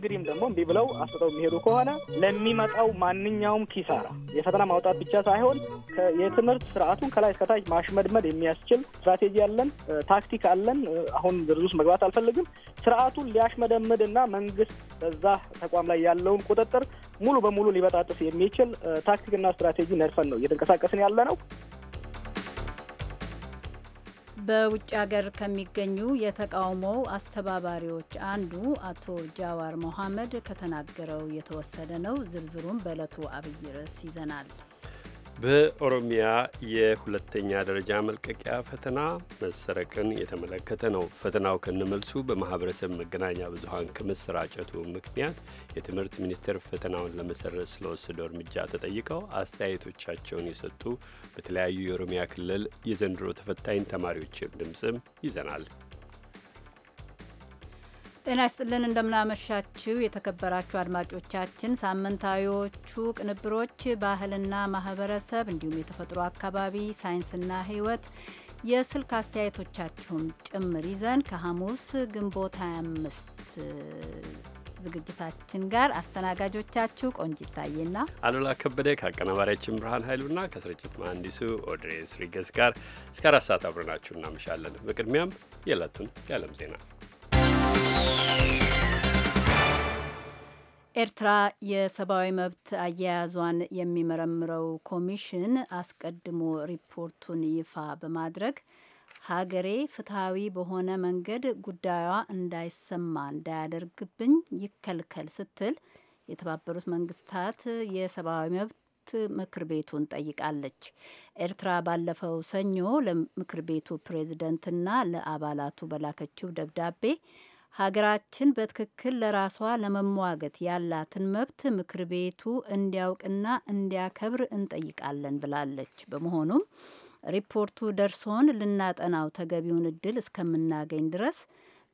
እንግዲህም ደግሞ እምቢ ብለው አስጥተው የሚሄዱ ከሆነ ለሚመጣው ማንኛውም ኪሳራ የፈተና ማውጣት ብቻ ሳይሆን የትምህርት ስርዓቱን ከላይ እስከታች ማሽመድመድ የሚያስችል ስትራቴጂ አለን፣ ታክቲክ አለን። አሁን ዝርዝር ውስጥ መግባት አልፈልግም። ስርዓቱን ሊያሽመደምድ እና መንግስት በዛ ተቋም ላይ ያለውን ቁጥጥር ሙሉ በሙሉ ሊበጣጥስ የሚችል ታክቲክና ስትራቴጂ ነድፈን ነው እየተንቀሳቀስን ያለ ነው። በውጭ ሀገር ከሚገኙ የተቃውሞ አስተባባሪዎች አንዱ አቶ ጃዋር መሐመድ ከተናገረው የተወሰደ ነው። ዝርዝሩም በዕለቱ አብይ ርዕስ ይዘናል። በኦሮሚያ የሁለተኛ ደረጃ መልቀቂያ ፈተና መሰረቅን የተመለከተ ነው። ፈተናው ከነመልሱ በማህበረሰብ መገናኛ ብዙኃን ከመሰራጨቱ ምክንያት የትምህርት ሚኒስቴር ፈተናውን ለመሰረዝ ስለወሰደው እርምጃ ተጠይቀው አስተያየቶቻቸውን የሰጡ በተለያዩ የኦሮሚያ ክልል የዘንድሮ ተፈታኝ ተማሪዎችን ድምፅም ይዘናል። ጤና ይስጥልን እንደምናመሻችው የተከበራችሁ አድማጮቻችን፣ ሳምንታዊዎቹ ቅንብሮች ባህልና ማህበረሰብ እንዲሁም የተፈጥሮ አካባቢ ሳይንስና ሕይወት የስልክ አስተያየቶቻችሁም ጭምር ይዘን ከሐሙስ ግንቦት 25 ዝግጅታችን ጋር አስተናጋጆቻችሁ ቆንጅ ይታየና አሉላ ከበደ ከአቀናባሪያችን ብርሃን ኃይሉና ከስርጭት መሐንዲሱ ኦድሬስ ሪገስ ጋር እስከ አራት ሰዓት አብረናችሁ እናመሻለን። በቅድሚያም የዕለቱን የዓለም ዜና ኤርትራ የሰብአዊ መብት አያያዟን የሚመረምረው ኮሚሽን አስቀድሞ ሪፖርቱን ይፋ በማድረግ ሀገሬ ፍትሐዊ በሆነ መንገድ ጉዳዩዋ እንዳይሰማ እንዳያደርግብኝ ይከልከል ስትል የተባበሩት መንግስታት የሰብአዊ መብት ምክር ቤቱን ጠይቃለች። ኤርትራ ባለፈው ሰኞ ለምክር ቤቱ ፕሬዝደንትና ለአባላቱ በላከችው ደብዳቤ ሀገራችን በትክክል ለራሷ ለመሟገት ያላትን መብት ምክር ቤቱ እንዲያውቅና እንዲያከብር እንጠይቃለን ብላለች። በመሆኑም ሪፖርቱ ደርሶን ልናጠናው ተገቢውን እድል እስከምናገኝ ድረስ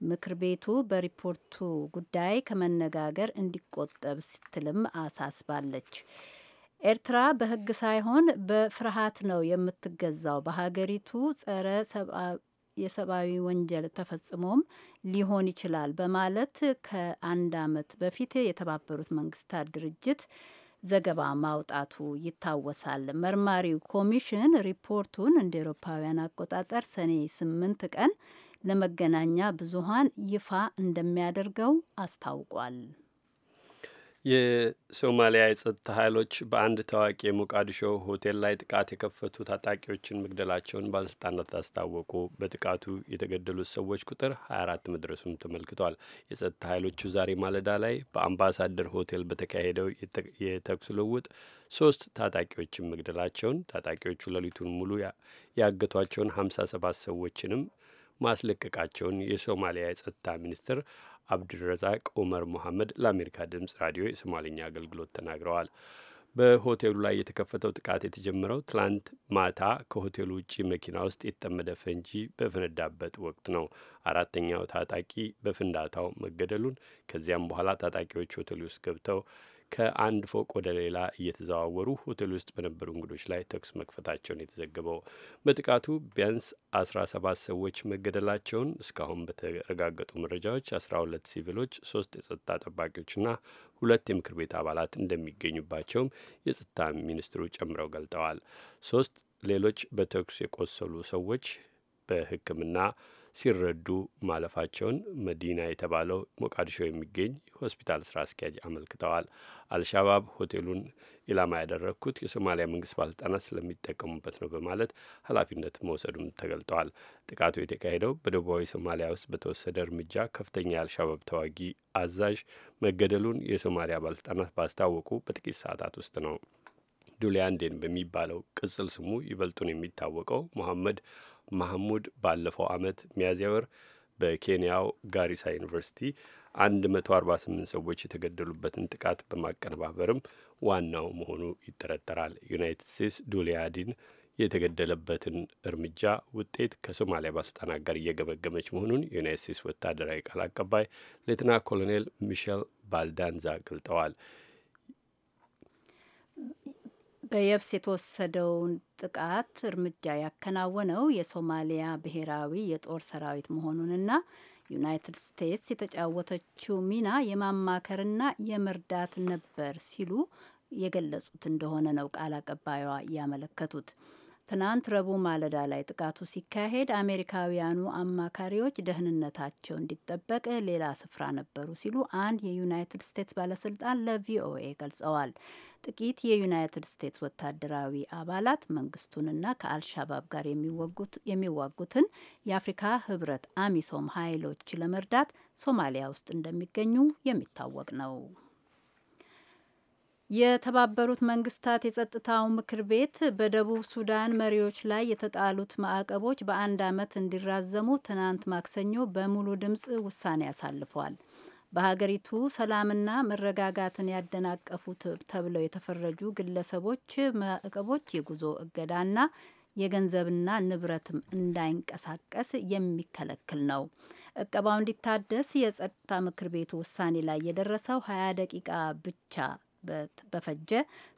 ምክር ቤቱ በሪፖርቱ ጉዳይ ከመነጋገር እንዲቆጠብ ስትልም አሳስባለች። ኤርትራ በሕግ ሳይሆን በፍርሃት ነው የምትገዛው። በሀገሪቱ ጸረ የሰብአዊ ወንጀል ተፈጽሞም ሊሆን ይችላል በማለት ከአንድ አመት በፊት የተባበሩት መንግስታት ድርጅት ዘገባ ማውጣቱ ይታወሳል። መርማሪው ኮሚሽን ሪፖርቱን እንደ ኤሮፓውያን አቆጣጠር ሰኔ ስምንት ቀን ለመገናኛ ብዙሃን ይፋ እንደሚያደርገው አስታውቋል። የሶማሊያ የጸጥታ ኃይሎች በአንድ ታዋቂ የሞቃዲሾ ሆቴል ላይ ጥቃት የከፈቱ ታጣቂዎችን መግደላቸውን ባለስልጣናት አስታወቁ። በጥቃቱ የተገደሉት ሰዎች ቁጥር 24 መድረሱም ተመልክቷል። የጸጥታ ኃይሎቹ ዛሬ ማለዳ ላይ በአምባሳደር ሆቴል በተካሄደው የተኩስ ልውውጥ ሶስት ታጣቂዎችን መግደላቸውን፣ ታጣቂዎቹ ሌሊቱን ሙሉ ያገቷቸውን 57 ሰዎችንም ማስለቀቃቸውን የሶማሊያ የጸጥታ ሚኒስትር አብድረዛቅ ኦመር ሙሐመድ ለአሜሪካ ድምፅ ራዲዮ የሶማልኛ አገልግሎት ተናግረዋል። በሆቴሉ ላይ የተከፈተው ጥቃት የተጀመረው ትላንት ማታ ከሆቴሉ ውጪ መኪና ውስጥ የተጠመደ ፈንጂ በፈነዳበት ወቅት ነው። አራተኛው ታጣቂ በፍንዳታው መገደሉን ከዚያም በኋላ ታጣቂዎች ሆቴል ውስጥ ገብተው ከአንድ ፎቅ ወደ ሌላ እየተዘዋወሩ ሆቴል ውስጥ በነበሩ እንግዶች ላይ ተኩስ መክፈታቸውን የተዘገበው በጥቃቱ ቢያንስ ሰባት ሰዎች መገደላቸውን እስካሁን በተረጋገጡ መረጃዎች ሁለት ሲቪሎች፣ ሶስት የጸጥታ ጠባቂዎችና ሁለት የምክር ቤት አባላት እንደሚገኙባቸውም የጸጥታ ሚኒስትሩ ጨምረው ገልጠዋል። ሶስት ሌሎች በተኩስ የቆሰሉ ሰዎች በሕክምና ሲረዱ ማለፋቸውን መዲና የተባለው ሞቃዲሾ የሚገኝ ሆስፒታል ስራ አስኪያጅ አመልክተዋል። አልሻባብ ሆቴሉን ኢላማ ያደረግኩት የሶማሊያ መንግስት ባለስልጣናት ስለሚጠቀሙበት ነው በማለት ኃላፊነት መውሰዱም ተገልጠዋል። ጥቃቱ የተካሄደው በደቡባዊ ሶማሊያ ውስጥ በተወሰደ እርምጃ ከፍተኛ የአልሻባብ ተዋጊ አዛዥ መገደሉን የሶማሊያ ባለስልጣናት ባስታወቁ በጥቂት ሰዓታት ውስጥ ነው። ዱሊያንዴን በሚባለው ቅጽል ስሙ ይበልጡን የሚታወቀው ሞሐመድ ማህሙድ ባለፈው ዓመት ሚያዝያ ወር በኬንያው ጋሪሳ ዩኒቨርሲቲ 148 ሰዎች የተገደሉበትን ጥቃት በማቀነባበርም ዋናው መሆኑ ይጠረጠራል። ዩናይትድ ስቴትስ ዱሊያዲን የተገደለበትን እርምጃ ውጤት ከሶማሊያ ባለስልጣናት ጋር እየገመገመች መሆኑን የዩናይትድ ስቴትስ ወታደራዊ ቃል አቀባይ ሌትና ኮሎኔል ሚሸል ባልዳንዛ ገልጠዋል። በየብስ የተወሰደውን ጥቃት እርምጃ ያከናወነው የሶማሊያ ብሔራዊ የጦር ሰራዊት መሆኑንና ዩናይትድ ስቴትስ የተጫወተችው ሚና የማማከርና የመርዳት ነበር ሲሉ የገለጹት እንደሆነ ነው ቃል አቀባዩዋ ያመለከቱት። ትናንት ረቡዕ ማለዳ ላይ ጥቃቱ ሲካሄድ አሜሪካውያኑ አማካሪዎች ደህንነታቸው እንዲጠበቅ ሌላ ስፍራ ነበሩ ሲሉ አንድ የዩናይትድ ስቴትስ ባለስልጣን ለቪኦኤ ገልጸዋል። ጥቂት የዩናይትድ ስቴትስ ወታደራዊ አባላት መንግስቱንና ከአልሻባብ ጋር የሚዋጉትን የአፍሪካ ህብረት አሚሶም ኃይሎች ለመርዳት ሶማሊያ ውስጥ እንደሚገኙ የሚታወቅ ነው። የተባበሩት መንግስታት የጸጥታው ምክር ቤት በደቡብ ሱዳን መሪዎች ላይ የተጣሉት ማዕቀቦች በአንድ ዓመት እንዲራዘሙ ትናንት ማክሰኞ በሙሉ ድምፅ ውሳኔ አሳልፏል። በሀገሪቱ ሰላምና መረጋጋትን ያደናቀፉት ተብለው የተፈረጁ ግለሰቦች ማዕቀቦች የጉዞ እገዳና የገንዘብና ንብረትም እንዳይንቀሳቀስ የሚከለክል ነው። እቀባው እንዲታደስ የጸጥታ ምክር ቤቱ ውሳኔ ላይ የደረሰው ሀያ ደቂቃ ብቻ በፈጀ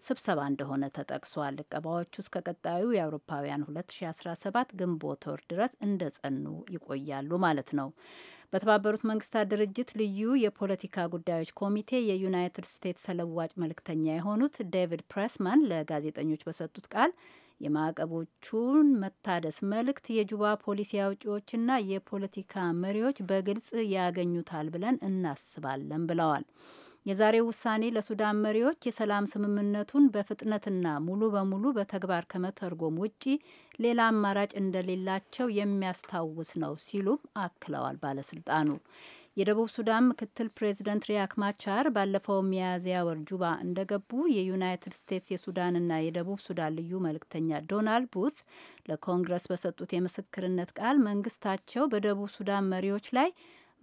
ስብሰባ እንደሆነ ተጠቅሷል። እቀባዎቹ እስከ ቀጣዩ የአውሮፓውያን 2017 ግንቦት ወር ድረስ እንደጸኑ ይቆያሉ ማለት ነው። በተባበሩት መንግስታት ድርጅት ልዩ የፖለቲካ ጉዳዮች ኮሚቴ የዩናይትድ ስቴትስ ተለዋጭ መልእክተኛ የሆኑት ዴቪድ ፕሬስማን ለጋዜጠኞች በሰጡት ቃል የማዕቀቦቹን መታደስ መልእክት የጁባ ፖሊሲ አውጪዎችና የፖለቲካ መሪዎች በግልጽ ያገኙታል ብለን እናስባለን ብለዋል። የዛሬው ውሳኔ ለሱዳን መሪዎች የሰላም ስምምነቱን በፍጥነትና ሙሉ በሙሉ በተግባር ከመተርጎም ውጪ ሌላ አማራጭ እንደሌላቸው የሚያስታውስ ነው ሲሉም አክለዋል ባለስልጣኑ። የደቡብ ሱዳን ምክትል ፕሬዚደንት ሪያክ ማቻር ባለፈው ሚያዝያ ወር ጁባ እንደገቡ የዩናይትድ ስቴትስ የሱዳንና የደቡብ ሱዳን ልዩ መልእክተኛ ዶናልድ ቡት ለኮንግረስ በሰጡት የምስክርነት ቃል መንግስታቸው በደቡብ ሱዳን መሪዎች ላይ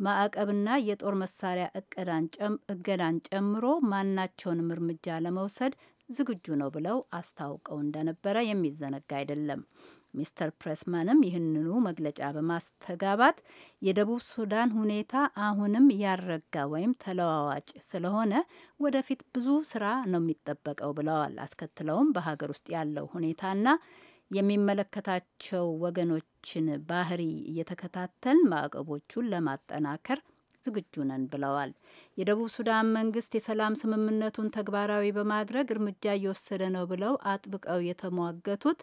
ማዕቀብና የጦር መሳሪያ እገዳን ጨምሮ ማናቸውንም እርምጃ ለመውሰድ ዝግጁ ነው ብለው አስታውቀው እንደነበረ የሚዘነጋ አይደለም። ሚስተር ፕሬስማንም ይህንኑ መግለጫ በማስተጋባት የደቡብ ሱዳን ሁኔታ አሁንም ያረጋ ወይም ተለዋዋጭ ስለሆነ ወደፊት ብዙ ስራ ነው የሚጠበቀው ብለዋል። አስከትለውም በሀገር ውስጥ ያለው ሁኔታና የሚመለከታቸው ወገኖችን ባህሪ እየተከታተል ማዕቀቦቹን ለማጠናከር ዝግጁ ነን ብለዋል። የደቡብ ሱዳን መንግስት የሰላም ስምምነቱን ተግባራዊ በማድረግ እርምጃ እየወሰደ ነው ብለው አጥብቀው የተሟገቱት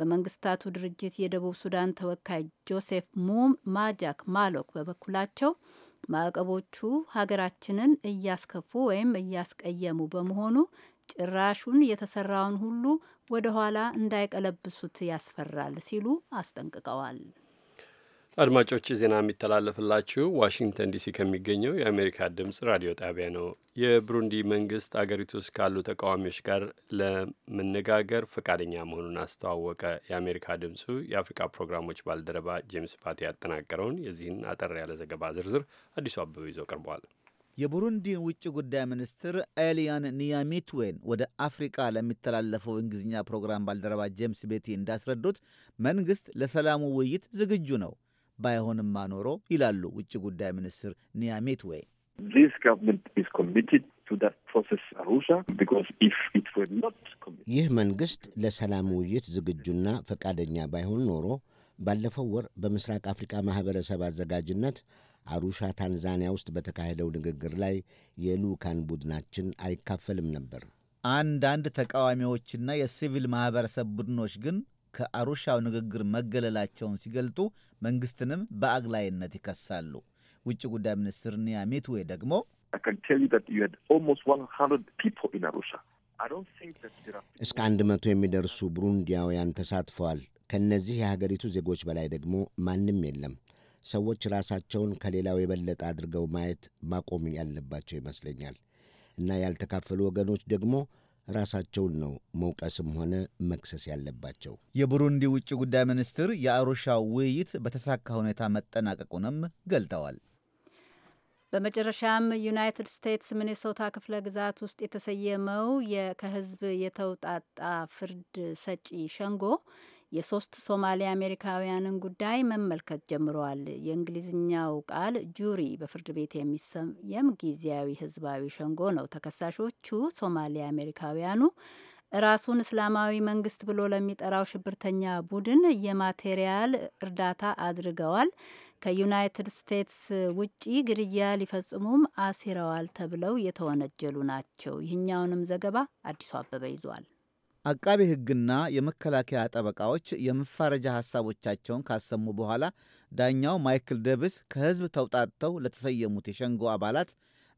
በመንግስታቱ ድርጅት የደቡብ ሱዳን ተወካይ ጆሴፍ ሙም ማጃክ ማሎክ በበኩላቸው ማዕቀቦቹ ሀገራችንን እያስከፉ ወይም እያስቀየሙ በመሆኑ ጭራሹን የተሰራውን ሁሉ ወደ ኋላ እንዳይቀለብሱት ያስፈራል ሲሉ አስጠንቅቀዋል። አድማጮች ዜና የሚተላለፍላችሁ ዋሽንግተን ዲሲ ከሚገኘው የአሜሪካ ድምጽ ራዲዮ ጣቢያ ነው። የብሩንዲ መንግስት አገሪቱ ውስጥ ካሉ ተቃዋሚዎች ጋር ለመነጋገር ፈቃደኛ መሆኑን አስተዋወቀ። የአሜሪካ ድምጹ የአፍሪካ ፕሮግራሞች ባልደረባ ጄምስ ፓቲ ያጠናቀረውን የዚህን አጠር ያለ ዘገባ ዝርዝር አዲሱ አበበ ይዞ ቀርቧል። የቡሩንዲ ውጭ ጉዳይ ሚኒስትር ኤልያን ኒያሚትዌን ወደ አፍሪቃ ለሚተላለፈው እንግሊዝኛ ፕሮግራም ባልደረባ ጄምስ ቤቲ እንዳስረዱት መንግሥት ለሰላሙ ውይይት ዝግጁ ነው፣ ባይሆንም ማኖሮ ይላሉ ውጭ ጉዳይ ሚኒስትር ኒያሚትዌ። ይህ መንግሥት ለሰላም ውይይት ዝግጁና ፈቃደኛ ባይሆን ኖሮ ባለፈው ወር በምስራቅ አፍሪካ ማኅበረሰብ አዘጋጅነት አሩሻ ታንዛኒያ ውስጥ በተካሄደው ንግግር ላይ የልዑካን ቡድናችን አይካፈልም ነበር። አንዳንድ ተቃዋሚዎችና የሲቪል ማኅበረሰብ ቡድኖች ግን ከአሩሻው ንግግር መገለላቸውን ሲገልጡ መንግሥትንም በአግላይነት ይከሳሉ። ውጭ ጉዳይ ሚኒስትር ኒያ ሚትዌ ደግሞ እስከ አንድ መቶ የሚደርሱ ብሩንዲያውያን ተሳትፈዋል። ከእነዚህ የሀገሪቱ ዜጎች በላይ ደግሞ ማንም የለም። ሰዎች ራሳቸውን ከሌላው የበለጠ አድርገው ማየት ማቆም ያለባቸው ይመስለኛል እና ያልተካፈሉ ወገኖች ደግሞ ራሳቸውን ነው መውቀስም ሆነ መክሰስ ያለባቸው። የቡሩንዲ ውጭ ጉዳይ ሚኒስትር የአሩሻው ውይይት በተሳካ ሁኔታ መጠናቀቁንም ገልጠዋል። በመጨረሻም ዩናይትድ ስቴትስ ሚኒሶታ ክፍለ ግዛት ውስጥ የተሰየመው ከህዝብ የተውጣጣ ፍርድ ሰጪ ሸንጎ የሶስት ሶማሌ አሜሪካውያንን ጉዳይ መመልከት ጀምረዋል። የእንግሊዝኛው ቃል ጁሪ በፍርድ ቤት የሚሰየም ጊዜያዊ ህዝባዊ ሸንጎ ነው። ተከሳሾቹ ሶማሌ አሜሪካውያኑ ራሱን እስላማዊ መንግስት ብሎ ለሚጠራው ሽብርተኛ ቡድን የማቴሪያል እርዳታ አድርገዋል፣ ከዩናይትድ ስቴትስ ውጪ ግድያ ሊፈጽሙም አሲረዋል ተብለው የተወነጀሉ ናቸው። ይህኛውንም ዘገባ አዲሱ አበበ ይዟል። አቃቤ ሕግና የመከላከያ ጠበቃዎች የመፋረጃ ሐሳቦቻቸውን ካሰሙ በኋላ ዳኛው ማይክል ዴቪስ ከሕዝብ ተውጣጥተው ለተሰየሙት የሸንጎ አባላት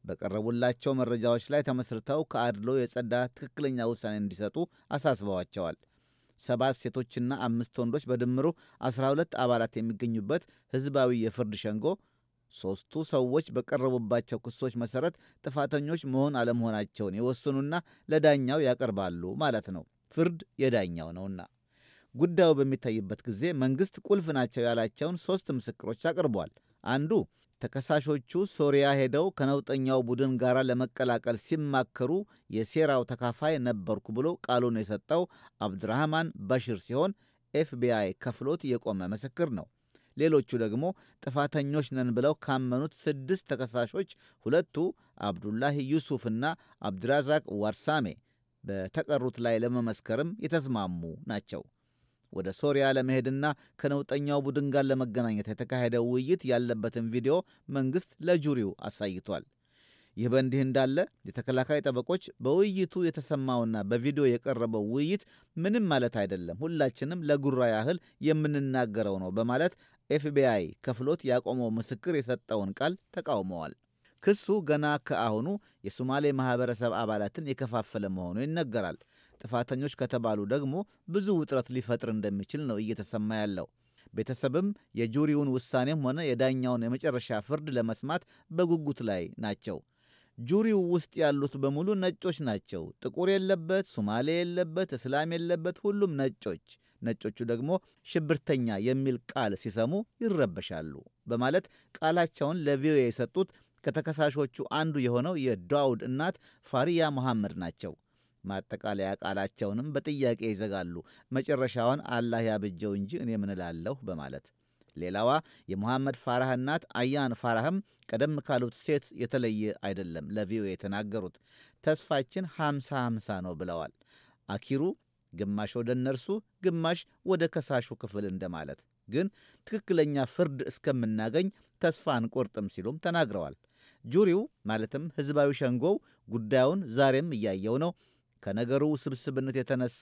በቀረቡላቸው መረጃዎች ላይ ተመስርተው ከአድሎ የጸዳ ትክክለኛ ውሳኔ እንዲሰጡ አሳስበዋቸዋል። ሰባት ሴቶችና አምስት ወንዶች በድምሩ 12 አባላት የሚገኙበት ሕዝባዊ የፍርድ ሸንጎ ሦስቱ ሰዎች በቀረቡባቸው ክሶች መሠረት ጥፋተኞች መሆን አለመሆናቸውን የወሰኑና ለዳኛው ያቀርባሉ ማለት ነው። ፍርድ የዳኛው ነውና። ጉዳዩ በሚታይበት ጊዜ መንግሥት ቁልፍ ናቸው ያላቸውን ሦስት ምስክሮች አቅርቧል። አንዱ ተከሳሾቹ ሶሪያ ሄደው ከነውጠኛው ቡድን ጋር ለመቀላቀል ሲማከሩ የሴራው ተካፋይ ነበርኩ ብሎ ቃሉን የሰጠው አብድራህማን ባሽር ሲሆን ኤፍቢአይ ከፍሎት የቆመ ምስክር ነው። ሌሎቹ ደግሞ ጥፋተኞች ነን ብለው ካመኑት ስድስት ተከሳሾች ሁለቱ አብዱላሂ ዩሱፍና አብድራዛቅ ዋርሳሜ በተቀሩት ላይ ለመመስከርም የተስማሙ ናቸው። ወደ ሶሪያ ለመሄድና ከነውጠኛው ቡድን ጋር ለመገናኘት የተካሄደው ውይይት ያለበትን ቪዲዮ መንግሥት ለጁሪው አሳይቷል። ይህ በእንዲህ እንዳለ የተከላካይ ጠበቆች በውይይቱ የተሰማውና በቪዲዮ የቀረበው ውይይት ምንም ማለት አይደለም፣ ሁላችንም ለጉራ ያህል የምንናገረው ነው በማለት ኤፍቢአይ ከፍሎት ያቆመው ምስክር የሰጠውን ቃል ተቃውመዋል። ክሱ ገና ከአሁኑ የሶማሌ ማኅበረሰብ አባላትን የከፋፈለ መሆኑ ይነገራል። ጥፋተኞች ከተባሉ ደግሞ ብዙ ውጥረት ሊፈጥር እንደሚችል ነው እየተሰማ ያለው። ቤተሰብም የጁሪውን ውሳኔም ሆነ የዳኛውን የመጨረሻ ፍርድ ለመስማት በጉጉት ላይ ናቸው። ጁሪው ውስጥ ያሉት በሙሉ ነጮች ናቸው። ጥቁር የለበት፣ ሱማሌ የለበት፣ እስላም የለበት፣ ሁሉም ነጮች። ነጮቹ ደግሞ ሽብርተኛ የሚል ቃል ሲሰሙ ይረበሻሉ በማለት ቃላቸውን ለቪኦኤ የሰጡት ከተከሳሾቹ አንዱ የሆነው የዳውድ እናት ፋሪያ መሐመድ ናቸው። ማጠቃለያ ቃላቸውንም በጥያቄ ይዘጋሉ። መጨረሻውን አላህ ያብጀው እንጂ እኔ ምንላለሁ በማለት ሌላዋ የመሐመድ ፋራህ እናት አያን ፋራህም ቀደም ካሉት ሴት የተለየ አይደለም ለቪኦኤ የተናገሩት። ተስፋችን 50 50 ነው ብለዋል። አኪሩ ግማሽ ወደ እነርሱ ግማሽ ወደ ከሳሹ ክፍል እንደማለት ግን ትክክለኛ ፍርድ እስከምናገኝ ተስፋ አንቆርጥም ሲሉም ተናግረዋል። ጁሪው ማለትም ሕዝባዊ ሸንጎው ጉዳዩን ዛሬም እያየው ነው። ከነገሩ ውስብስብነት የተነሳ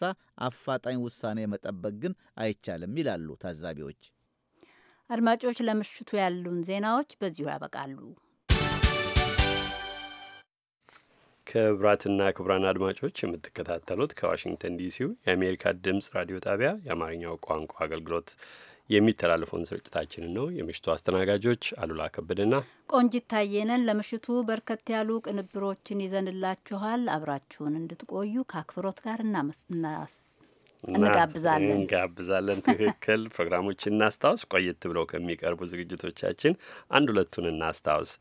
አፋጣኝ ውሳኔ መጠበቅ ግን አይቻልም ይላሉ ታዛቢዎች። አድማጮች ለምሽቱ ያሉን ዜናዎች በዚሁ ያበቃሉ። ክቡራትና ክቡራን አድማጮች የምትከታተሉት ከዋሽንግተን ዲሲው የአሜሪካ ድምፅ ራዲዮ ጣቢያ የአማርኛው ቋንቋ አገልግሎት የሚተላለፈውን ስርጭታችንን ነው። የምሽቱ አስተናጋጆች አሉላ ከበደና ቆንጂት ታየነን ለምሽቱ በርከት ያሉ ቅንብሮችን ይዘንላችኋል። አብራችሁን እንድትቆዩ ከአክብሮት ጋር እናስ እንጋብዛለን እንጋብዛለን። ትክክል። ፕሮግራሞችን እናስታውስ። ቆየት ብለው ከሚቀርቡ ዝግጅቶቻችን አንድ ሁለቱን እናስታውስ።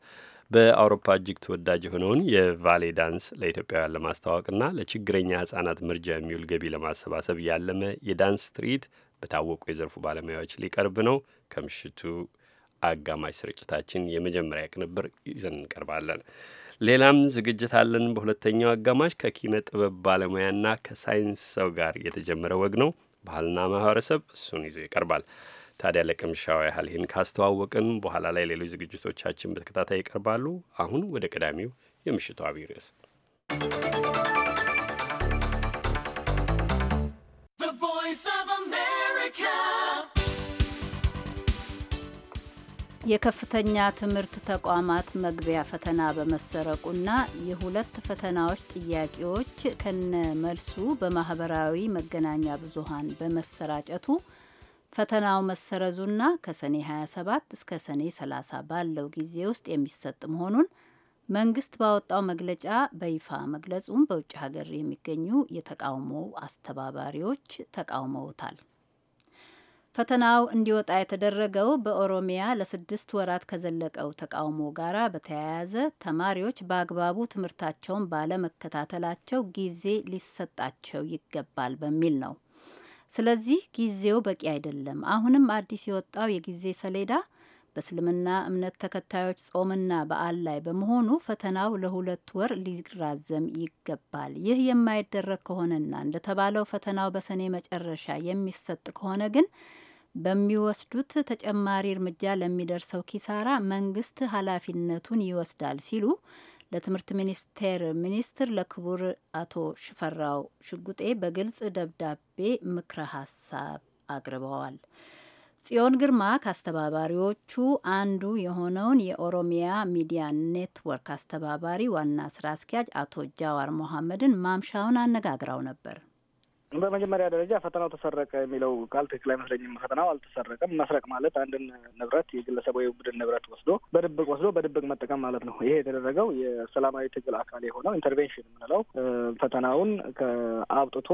በአውሮፓ እጅግ ተወዳጅ የሆነውን የቫሌ ዳንስ ለኢትዮጵያውያን ለማስተዋወቅና ለችግረኛ ህጻናት ምርጃ የሚውል ገቢ ለማሰባሰብ ያለመ የዳንስ ትርኢት በታወቁ የዘርፉ ባለሙያዎች ሊቀርብ ነው። ከምሽቱ አጋማሽ ስርጭታችን የመጀመሪያ ቅንብር ይዘን እንቀርባለን። ሌላም ዝግጅት አለን። በሁለተኛው አጋማሽ ከኪነ ጥበብ ባለሙያና ከሳይንስ ሰው ጋር የተጀመረ ወግ ነው። ባህልና ማህበረሰብ እሱን ይዞ ይቀርባል። ታዲያ ለቅምሻው ያህል ይህን ካስተዋወቅን በኋላ ላይ ሌሎች ዝግጅቶቻችን በተከታታይ ይቀርባሉ። አሁን ወደ ቀዳሚው የምሽቱ አብይ ርዕስ የከፍተኛ ትምህርት ተቋማት መግቢያ ፈተና በመሰረቁና የሁለት ፈተናዎች ጥያቄዎች ከነ መልሱ በማህበራዊ መገናኛ ብዙሃን በመሰራጨቱ ፈተናው መሰረዙና ከሰኔ 27 እስከ ሰኔ 30 ባለው ጊዜ ውስጥ የሚሰጥ መሆኑን መንግስት ባወጣው መግለጫ በይፋ መግለጹም በውጭ ሀገር የሚገኙ የተቃውሞ አስተባባሪዎች ተቃውመውታል። ፈተናው እንዲወጣ የተደረገው በኦሮሚያ ለስድስት ወራት ከዘለቀው ተቃውሞ ጋር በተያያዘ ተማሪዎች በአግባቡ ትምህርታቸውን ባለመከታተላቸው ጊዜ ሊሰጣቸው ይገባል በሚል ነው። ስለዚህ ጊዜው በቂ አይደለም። አሁንም አዲስ የወጣው የጊዜ ሰሌዳ በእስልምና እምነት ተከታዮች ጾምና በዓል ላይ በመሆኑ ፈተናው ለሁለት ወር ሊራዘም ይገባል። ይህ የማይደረግ ከሆነና እንደተባለው ፈተናው በሰኔ መጨረሻ የሚሰጥ ከሆነ ግን በሚወስዱት ተጨማሪ እርምጃ ለሚደርሰው ኪሳራ መንግስት ኃላፊነቱን ይወስዳል ሲሉ ለትምህርት ሚኒስቴር ሚኒስትር ለክቡር አቶ ሽፈራው ሽጉጤ በግልጽ ደብዳቤ ምክረ ሀሳብ አቅርበዋል። ጽዮን ግርማ ከአስተባባሪዎቹ አንዱ የሆነውን የኦሮሚያ ሚዲያ ኔትወርክ አስተባባሪ ዋና ስራ አስኪያጅ አቶ ጃዋር መሐመድን ማምሻውን አነጋግራው ነበር። በመጀመሪያ ደረጃ ፈተናው ተሰረቀ የሚለው ቃል ትክክል አይመስለኝም። ፈተናው አልተሰረቀም። መስረቅ ማለት አንድን ንብረት የግለሰብ ወይ ቡድን ንብረት ወስዶ በድብቅ ወስዶ በድብቅ መጠቀም ማለት ነው። ይሄ የተደረገው የሰላማዊ ትግል አካል የሆነው ኢንተርቬንሽን የምንለው ፈተናውን አውጥቶ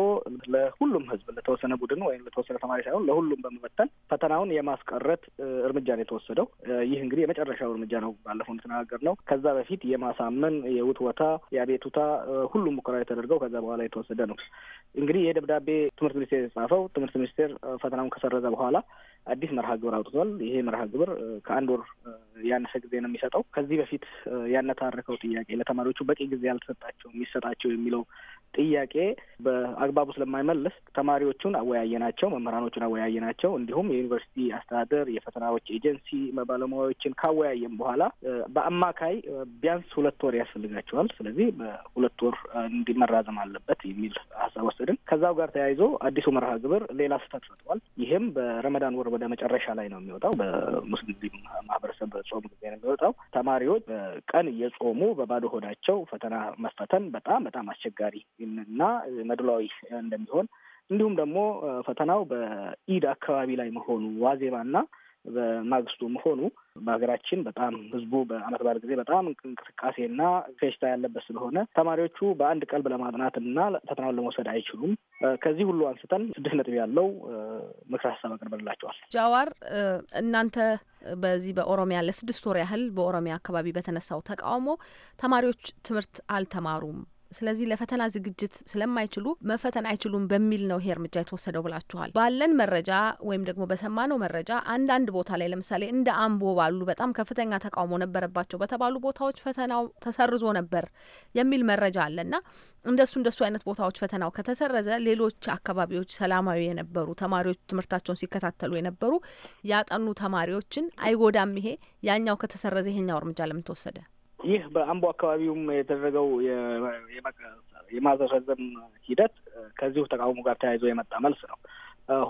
ለሁሉም ህዝብ ለተወሰነ ቡድን ወይም ለተወሰነ ተማሪ ሳይሆን ለሁሉም በመበተን ፈተናውን የማስቀረት እርምጃ ነው የተወሰደው። ይህ እንግዲህ የመጨረሻው እርምጃ ነው። ባለፈው እንደተነጋገር ነው። ከዛ በፊት የማሳመን የውትወታ፣ የአቤቱታ ሁሉም ሙከራ የተደርገው ከዛ በኋላ የተወሰደ ነው እንግዲህ ደብዳቤ ትምህርት ሚኒስቴር የተጻፈው ትምህርት ሚኒስቴር ፈተናውን ከሰረዘ በኋላ አዲስ መርሃ ግብር አውጥቷል። ይሄ መርሃ ግብር ከአንድ ወር ያነሰ ጊዜ ነው የሚሰጠው። ከዚህ በፊት ያነታረከው ጥያቄ ለተማሪዎቹ በቂ ጊዜ ያልተሰጣቸው የሚሰጣቸው የሚለው ጥያቄ በአግባቡ ስለማይመልስ ተማሪዎቹን አወያየናቸው፣ መምህራኖቹን አወያየናቸው፣ እንዲሁም የዩኒቨርሲቲ አስተዳደር የፈተናዎች ኤጀንሲ ባለሙያዎችን ካወያየም በኋላ በአማካይ ቢያንስ ሁለት ወር ያስፈልጋቸዋል። ስለዚህ በሁለት ወር እንዲመራዘም አለበት የሚል ሀሳብ ወሰድን። ከዛው ጋር ተያይዞ አዲሱ መርሃ ግብር ሌላ ስህተት ፈጥሯል። ይህም በረመዳን ወር ወደ መጨረሻ ላይ ነው የሚወጣው። በሙስሊም ማህበረሰብ በጾም ጊዜ ነው የሚወጣው። ተማሪዎች ቀን እየጾሙ በባዶ ሆዳቸው ፈተና መፈተን በጣም በጣም አስቸጋሪ እና መድሏዊ እንደሚሆን እንዲሁም ደግሞ ፈተናው በኢድ አካባቢ ላይ መሆኑ ዋዜማና በማግስቱ መሆኑ በሀገራችን በጣም ህዝቡ በአመት በዓል ጊዜ በጣም እንቅስቃሴና ፌሽታ ያለበት ስለሆነ ተማሪዎቹ በአንድ ቀልብ ለማጥናት እና ፈተናውን ለመውሰድ አይችሉም። ከዚህ ሁሉ አንስተን ስድስት ነጥብ ያለው ምክር ሀሳብ አቅርበላቸዋል። ጃዋር፣ እናንተ በዚህ በኦሮሚያ ለስድስት ወር ያህል በኦሮሚያ አካባቢ በተነሳው ተቃውሞ ተማሪዎች ትምህርት አልተማሩም ስለዚህ ለፈተና ዝግጅት ስለማይችሉ መፈተን አይችሉም በሚል ነው ይሄ እርምጃ የተወሰደው ብላችኋል። ባለን መረጃ ወይም ደግሞ በሰማነው መረጃ አንዳንድ ቦታ ላይ ለምሳሌ እንደ አምቦ ባሉ በጣም ከፍተኛ ተቃውሞ ነበረባቸው በተባሉ ቦታዎች ፈተናው ተሰርዞ ነበር የሚል መረጃ አለና እንደሱ እንደሱ አይነት ቦታዎች ፈተናው ከተሰረዘ ሌሎች አካባቢዎች ሰላማዊ የነበሩ ተማሪዎች ትምህርታቸውን ሲከታተሉ የነበሩ ያጠኑ ተማሪዎችን አይጎዳም ይሄ ያኛው ከተሰረዘ ይሄኛው እርምጃ ለምን ተወሰደ? ይህ በአምቦ አካባቢውም የተደረገው የማዘረዘም ሂደት ከዚሁ ተቃውሞ ጋር ተያይዞ የመጣ መልስ ነው።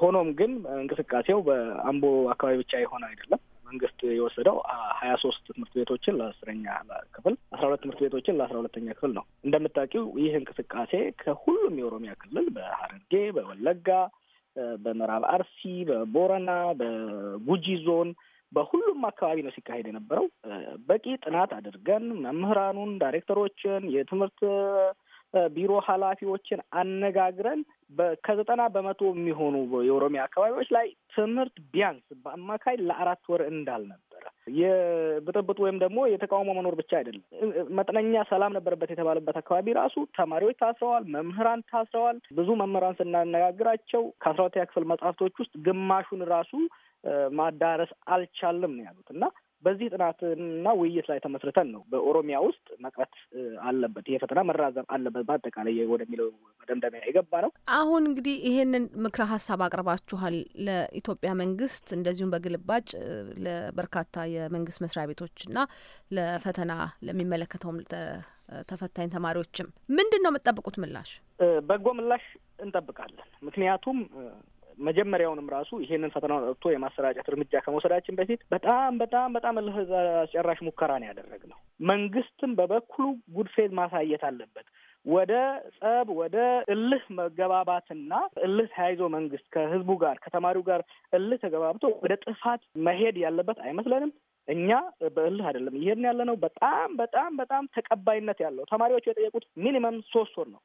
ሆኖም ግን እንቅስቃሴው በአምቦ አካባቢ ብቻ የሆነ አይደለም። መንግስት የወሰደው ሀያ ሶስት ትምህርት ቤቶችን ለአስረኛ ክፍል አስራ ሁለት ትምህርት ቤቶችን ለአስራ ሁለተኛ ክፍል ነው። እንደምታውቂው ይህ እንቅስቃሴ ከሁሉም የኦሮሚያ ክልል በሀረርጌ፣ በወለጋ፣ በምዕራብ አርሲ፣ በቦረና፣ በጉጂ ዞን በሁሉም አካባቢ ነው ሲካሄድ የነበረው። በቂ ጥናት አድርገን መምህራኑን፣ ዳይሬክተሮችን፣ የትምህርት ቢሮ ኃላፊዎችን አነጋግረን ከዘጠና በመቶ የሚሆኑ የኦሮሚያ አካባቢዎች ላይ ትምህርት ቢያንስ በአማካይ ለአራት ወር እንዳልነበረ የብጥብጥ ወይም ደግሞ የተቃውሞ መኖር ብቻ አይደለም። መጠነኛ ሰላም ነበረበት የተባለበት አካባቢ ራሱ ተማሪዎች ታስረዋል፣ መምህራን ታስረዋል። ብዙ መምህራን ስናነጋግራቸው ከአስራ ሁለተኛ ክፍል መጽሐፍቶች ውስጥ ግማሹን ራሱ ማዳረስ አልቻልም ነው ያሉት እና በዚህ ጥናትና ውይይት ላይ ተመስርተን ነው በኦሮሚያ ውስጥ መቅረት አለበት ይሄ ፈተና መራዘም አለበት በአጠቃላይ ወደሚለው መደምደሚያ የገባ ነው። አሁን እንግዲህ ይሄንን ምክረ ሀሳብ አቅርባችኋል ለኢትዮጵያ መንግስት፣ እንደዚሁም በግልባጭ ለበርካታ የመንግስት መስሪያ ቤቶችና ለፈተና ለሚመለከተውም ተፈታኝ ተማሪዎችም ምንድን ነው የምጠብቁት ምላሽ? በጎ ምላሽ እንጠብቃለን። ምክንያቱም መጀመሪያውንም ራሱ ይሄንን ፈተና ወጥቶ የማሰራጨት እርምጃ ከመውሰዳችን በፊት በጣም በጣም በጣም እልህ አስጨራሽ ሙከራ ነው ያደረግነው። መንግስትም በበኩሉ ጉድፌዝ ማሳየት አለበት። ወደ ጸብ፣ ወደ እልህ መገባባትና እልህ ተያይዞ መንግስት ከህዝቡ ጋር ከተማሪው ጋር እልህ ተገባብቶ ወደ ጥፋት መሄድ ያለበት አይመስለንም። እኛ በእልህ አይደለም ይሄን ያለ ነው። በጣም በጣም በጣም ተቀባይነት ያለው ተማሪዎቹ የጠየቁት ሚኒመም ሶስት ወር ነው።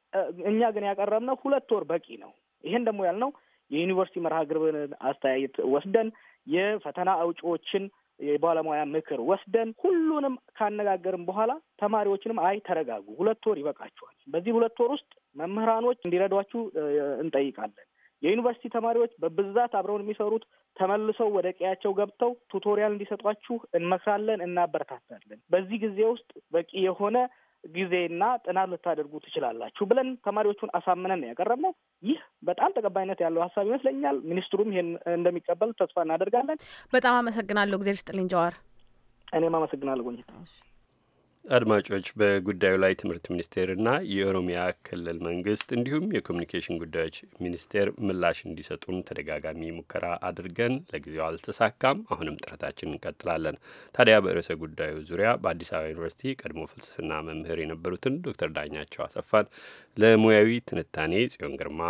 እኛ ግን ያቀረብነው ሁለት ወር በቂ ነው። ይሄን ደግሞ ያልነው የዩኒቨርሲቲ መርሃ ግብርን አስተያየት ወስደን የፈተና አውጪዎችን የባለሙያ ምክር ወስደን ሁሉንም ካነጋገርን በኋላ ተማሪዎችንም አይ ተረጋጉ፣ ሁለት ወር ይበቃቸዋል በዚህ ሁለት ወር ውስጥ መምህራኖች እንዲረዷችሁ እንጠይቃለን። የዩኒቨርሲቲ ተማሪዎች በብዛት አብረውን የሚሰሩት ተመልሰው ወደ ቀያቸው ገብተው ቱቶሪያል እንዲሰጧችሁ እንመክራለን፣ እናበረታታለን። በዚህ ጊዜ ውስጥ በቂ የሆነ ጊዜና ጥናት ልታደርጉ ትችላላችሁ ብለን ተማሪዎቹን አሳምነን ነው ያቀረብነው። ይህ በጣም ተቀባይነት ያለው ሀሳብ ይመስለኛል። ሚኒስትሩም ይሄን እንደሚቀበል ተስፋ እናደርጋለን። በጣም አመሰግናለሁ። እግዜር ስጥልኝ ጀዋር። እኔም አመሰግናለሁ ጎኝታ አድማጮች በጉዳዩ ላይ ትምህርት ሚኒስቴርና የኦሮሚያ ክልል መንግስት እንዲሁም የኮሚኒኬሽን ጉዳዮች ሚኒስቴር ምላሽ እንዲሰጡን ተደጋጋሚ ሙከራ አድርገን ለጊዜው አልተሳካም። አሁንም ጥረታችን እንቀጥላለን። ታዲያ በርዕሰ ጉዳዩ ዙሪያ በአዲስ አበባ ዩኒቨርሲቲ ቀድሞ ፍልስፍና መምህር የነበሩትን ዶክተር ዳኛቸው አሰፋን ለሙያዊ ትንታኔ ጽዮን ግርማ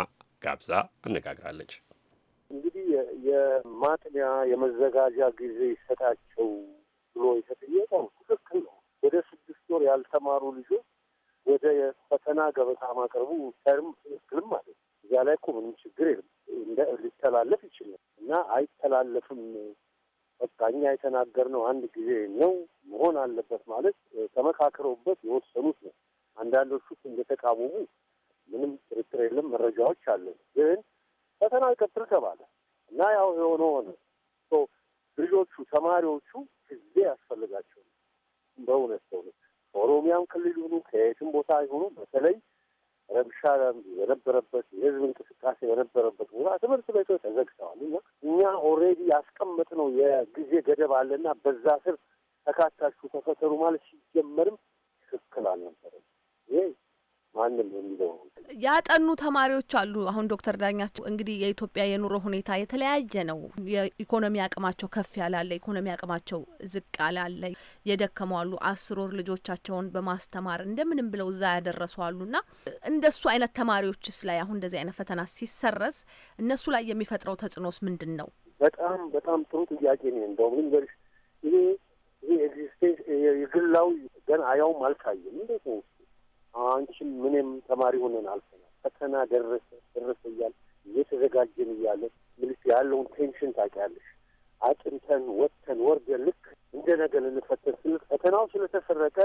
ጋብዛ አነጋግራለች። እንግዲህ የማጥኛ የመዘጋጃ ጊዜ ይሰጣቸው ብሎ የተጠየቀው ትክክል ነው። ወደ ወር ያልተማሩ ልጆች ወደ ፈተና ገበታ ማቅረቡ ተርም ትክክልም ማለት እዚያ ላይ እኮ ምንም ችግር የለም። እንደ ሊተላለፍ ይችላል እና አይተላለፍም። በቃ እኛ የተናገርነው አንድ ጊዜ ነው መሆን አለበት ማለት ተመካክረውበት የወሰኑት ነው። አንዳንዶቹ እንደተቃወሙ ምንም ጥርጥር የለም፣ መረጃዎች አለ። ግን ፈተና ይቀጥል ተባለ እና ያው የሆነ ሆነ። ልጆቹ ተማሪዎቹ ጊዜ ያስፈልጋቸው በእውነት በእውነት ከኦሮሚያም ክልል ይሁኑ ከየትም ቦታ ይሁኑ በተለይ ረብሻ የነበረበት የህዝብ እንቅስቃሴ የነበረበት ቦታ ትምህርት ቤቶች ተዘግተዋል እና እኛ ኦልሬዲ ያስቀመጥነው የጊዜ ገደብ አለና በዛ ስር ተካታችሁ ተፈተሩ ማለት ሲጀመርም ትክክል አልነበረም። ይሄ ማንም የሚለው ያጠኑ ተማሪዎች አሉ። አሁን ዶክተር ዳኛቸው እንግዲህ የኢትዮጵያ የኑሮ ሁኔታ የተለያየ ነው። የኢኮኖሚ አቅማቸው ከፍ ያላለ፣ ኢኮኖሚ አቅማቸው ዝቅ ያላለ የደከሙ አሉ። አስር ወር ልጆቻቸውን በማስተማር እንደምንም ብለው እዛ ያደረሱ አሉ እና እንደሱ አይነት ተማሪዎችስ ላይ አሁን እንደዚህ አይነት ፈተና ሲሰረዝ እነሱ ላይ የሚፈጥረው ተጽዕኖስ ምንድን ነው? በጣም በጣም ጥሩ ጥያቄ ነው። እንደውም ይሄ ይሄ ኤግዚስቴንስ የግላዊ ገና አያውም አልታየም። እንዴት ነው አንቺም ምንም ተማሪ ሆነን አልፈናል። ፈተና ደረሰ ደረሰ እያል እየተዘጋጀን እያለ ምልስ ያለውን ቴንሽን ታውቂያለሽ። አጥንተን ወጥተን ወርደን ልክ እንደ ነገ ልንፈተን ስል ፈተናው ስለተሰረቀ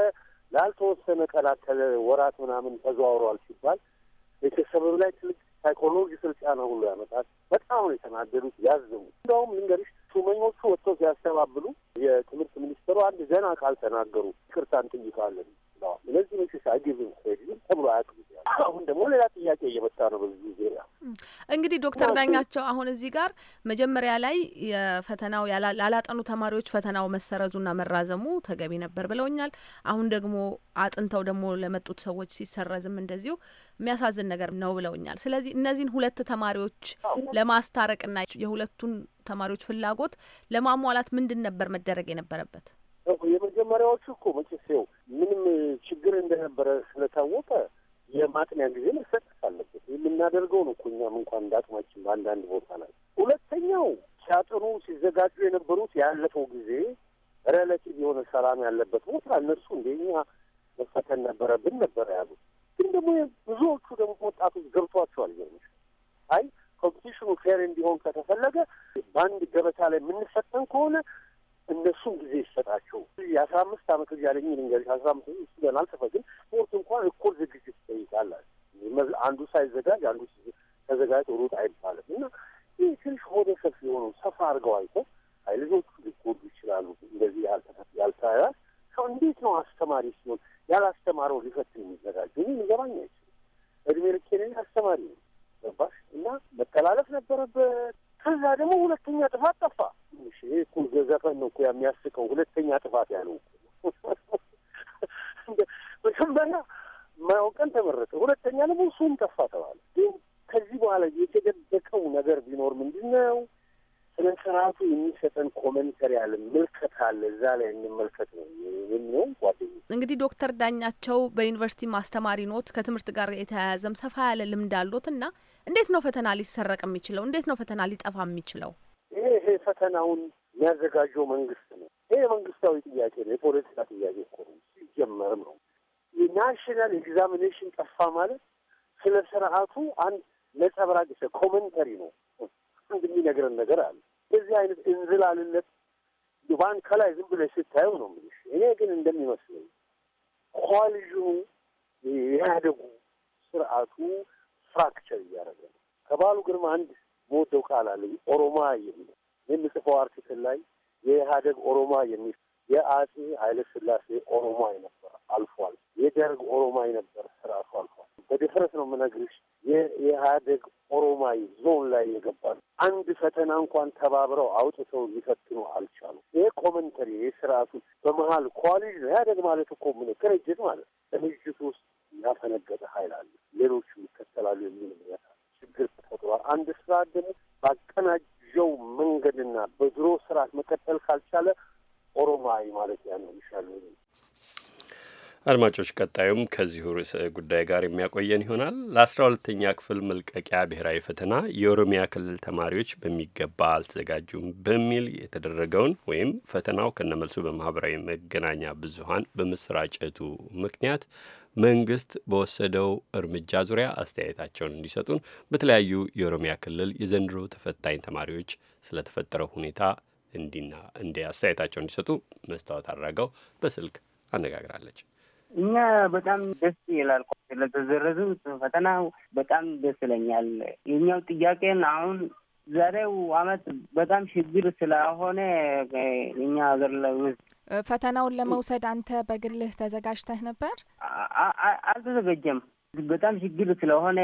ላልተወሰነ ቀላት ወራት ምናምን ተዘዋውሯል ሲባል ቤተሰብ ላይ ትልቅ ሳይኮሎጂካል ጫና ሁሉ ያመጣል። በጣም ነው የተናደዱት ያዘሙ። እንደውም ልንገርሽ ሹመኞቹ ወጥተው ሲያስተባብሉ የትምህርት ሚኒስትሩ አንድ ዘና ቃል ተናገሩ። ይቅርታ እንጠይቃለን ተወስነዋል። ተብሎ አያውቅም። አሁን ደግሞ ሌላ ጥያቄ እየመጣ ነው። በዚህ ዜና እንግዲህ ዶክተር ዳኛቸው አሁን እዚህ ጋር መጀመሪያ ላይ የፈተናው ያላጠኑ ተማሪዎች ፈተናው መሰረዙና መራዘሙ ተገቢ ነበር ብለውኛል። አሁን ደግሞ አጥንተው ደግሞ ለመጡት ሰዎች ሲሰረዝም እንደዚሁ የሚያሳዝን ነገር ነው ብለውኛል። ስለዚህ እነዚህን ሁለት ተማሪዎች ለማስታረቅና የሁለቱን ተማሪዎች ፍላጎት ለማሟላት ምንድን ነበር መደረግ የነበረበት? የመጀመሪያዎቹ እኮ መቼስ ይኸው ምንም ችግር እንደነበረ ስለታወቀ የማጥንያ ጊዜ መሰጠት አለበት። የምናደርገው ነው እኮ እኛም እንኳን እንዳቅማችን በአንዳንድ ቦታ ላይ። ሁለተኛው ሲያጥኑ ሲዘጋጁ የነበሩት ያለፈው ጊዜ ሬላቲቭ የሆነ ሰላም ያለበት ቦታ እነሱ እንደ እኛ መፈተን ነበረብን ነበረ ያሉት። ግን ደግሞ ብዙዎቹ ደግሞ ወጣቶች ገብቷቸዋል። ይሆንሽ አይ ኮምፒቲሽኑ ፌር እንዲሆን ከተፈለገ በአንድ ገበታ ላይ የምንፈተን ከሆነ እነሱም ጊዜ ይሰጣቸው። የአስራ አምስት አመት ልጅ ያለኝ ልንገርሽ፣ አስራ አምስት እሱ ገና አልተፈ፣ ግን ስፖርት እንኳን እኩል ዝግጅት ይጠይቃል። አንዱ ሳይዘጋጅ አንዱ ተዘጋጅ ሩጥ አይባልም እና ይህ ትንሽ ሆደ ሰፊ የሆነው ሰፋ አድርገው አይቶ አይ ልጆቹ ሊጎዱ ይችላሉ። እንደዚህ ያልተያያ ሰው እንዴት ነው አስተማሪ ሲሆን ያላስተማረው ሊፈትን የሚዘጋጅ ይህ ሊገባኝ አይችልም። እድሜ ልኬ ነኝ አስተማሪ ነው ገባሽ? እና መተላለፍ ነበረበት ከዛ ደግሞ ሁለተኛ ጥፋት ጠፋ። ይሄ እኮ ዘፈን ነው እኮ የሚያስቀው። ሁለተኛ ጥፋት ያለው መጀመሪያ ማያውቀን ተመረጠ፣ ሁለተኛ ደግሞ እሱም ጠፋ ተባለ። ግን ከዚህ በኋላ የተደበቀው ነገር ቢኖር ምንድን ነው? ስነ ስርዓቱ የሚሰጠን ኮመንተሪ አለ፣ ምልከት አለ። እዛ ላይ እንመልከት ነው የሚሆን ጓደኞች። እንግዲህ ዶክተር ዳኛቸው በዩኒቨርሲቲ ማስተማሪ ኖት፣ ከትምህርት ጋር የተያያዘም ሰፋ ያለ ልምድ አሎት እና እንዴት ነው ፈተና ሊሰረቅ የሚችለው? እንዴት ነው ፈተና ሊጠፋ የሚችለው? ይሄ ይሄ ፈተናውን የሚያዘጋጀው መንግስት ነው። ይሄ መንግስታዊ ጥያቄ ነው፣ የፖለቲካ ጥያቄ እኮ ነው ሲጀመርም ነው። የናሽናል ኤግዛሚኔሽን ጠፋ ማለት ስለ ስርዓቱ አንድ ነጸብራቅ ኮመንተሪ ነው። አንድ የሚነግረን ነገር አለ የዚህ አይነት እንዝላልነት ዱባን ከላይ ዝም ብለሽ ስታየው ነው የምልሽ። እኔ ግን እንደሚመስለኝ ኮሊዥኑ የኢህአዴጉ ስርዓቱ ፍራክቸር እያደረገ ነው። ከባሉ ግርማ አንድ መወደው ቃል አለ ኦሮማ የሚል የምጽፈው አርቲክል ላይ የኢህአዴግ ኦሮማ የሚል የአጼ ኃይለ ስላሴ ኦሮማ አይነት አልፏል። የደርግ ኦሮማይ ነበር ስርአቱ አልፏል። በድፍረት ነው የምነግርሽ የኢህአዴግ ኦሮማይ ዞን ላይ የገባሉ። አንድ ፈተና እንኳን ተባብረው አውጥተው ሊፈትኑ አልቻሉ። ይሄ ኮመንተሪ ይህ ስርአቱ በመሀል ነው ኢህአዴግ ማለት እኮ ምን ቅንጅት ማለት ቅንጅት ውስጥ ያፈነገጠ ሀይል አለ። ሌሎቹ ይከተላሉ የሚል እምነት ችግር ተፈጥሯል። አንድ ስራ ግን ባቀናጀው መንገድና በድሮ ስርአት መቀጠል ካልቻለ ኦሮማይ ማለት ያ ነው ይሻሉ አድማጮች ቀጣዩም ከዚሁ ርዕሰ ጉዳይ ጋር የሚያቆየን ይሆናል። ለአስራ ሁለተኛ ክፍል መልቀቂያ ብሔራዊ ፈተና የኦሮሚያ ክልል ተማሪዎች በሚገባ አልተዘጋጁም በሚል የተደረገውን ወይም ፈተናው ከነመልሱ በማህበራዊ መገናኛ ብዙሀን በመሰራጨቱ ምክንያት መንግስት በወሰደው እርምጃ ዙሪያ አስተያየታቸውን እንዲሰጡን በተለያዩ የኦሮሚያ ክልል የዘንድሮ ተፈታኝ ተማሪዎች ስለተፈጠረው ሁኔታ እንዲና እንዲ አስተያየታቸውን እንዲሰጡ መስታወት አድራገው በስልክ አነጋግራለች። እኛ በጣም ደስ ይላል። ስለተዘረዙት ፈተና በጣም ደስ ይለኛል። የኛው ጥያቄን አሁን ዛሬው አመት በጣም ችግር ስለሆነ እኛ ሀገር ላይ ውስጥ ፈተናውን ለመውሰድ አንተ በግልህ ተዘጋጅተህ ነበር? አልተዘጋጀም በጣም ችግር ስለሆነ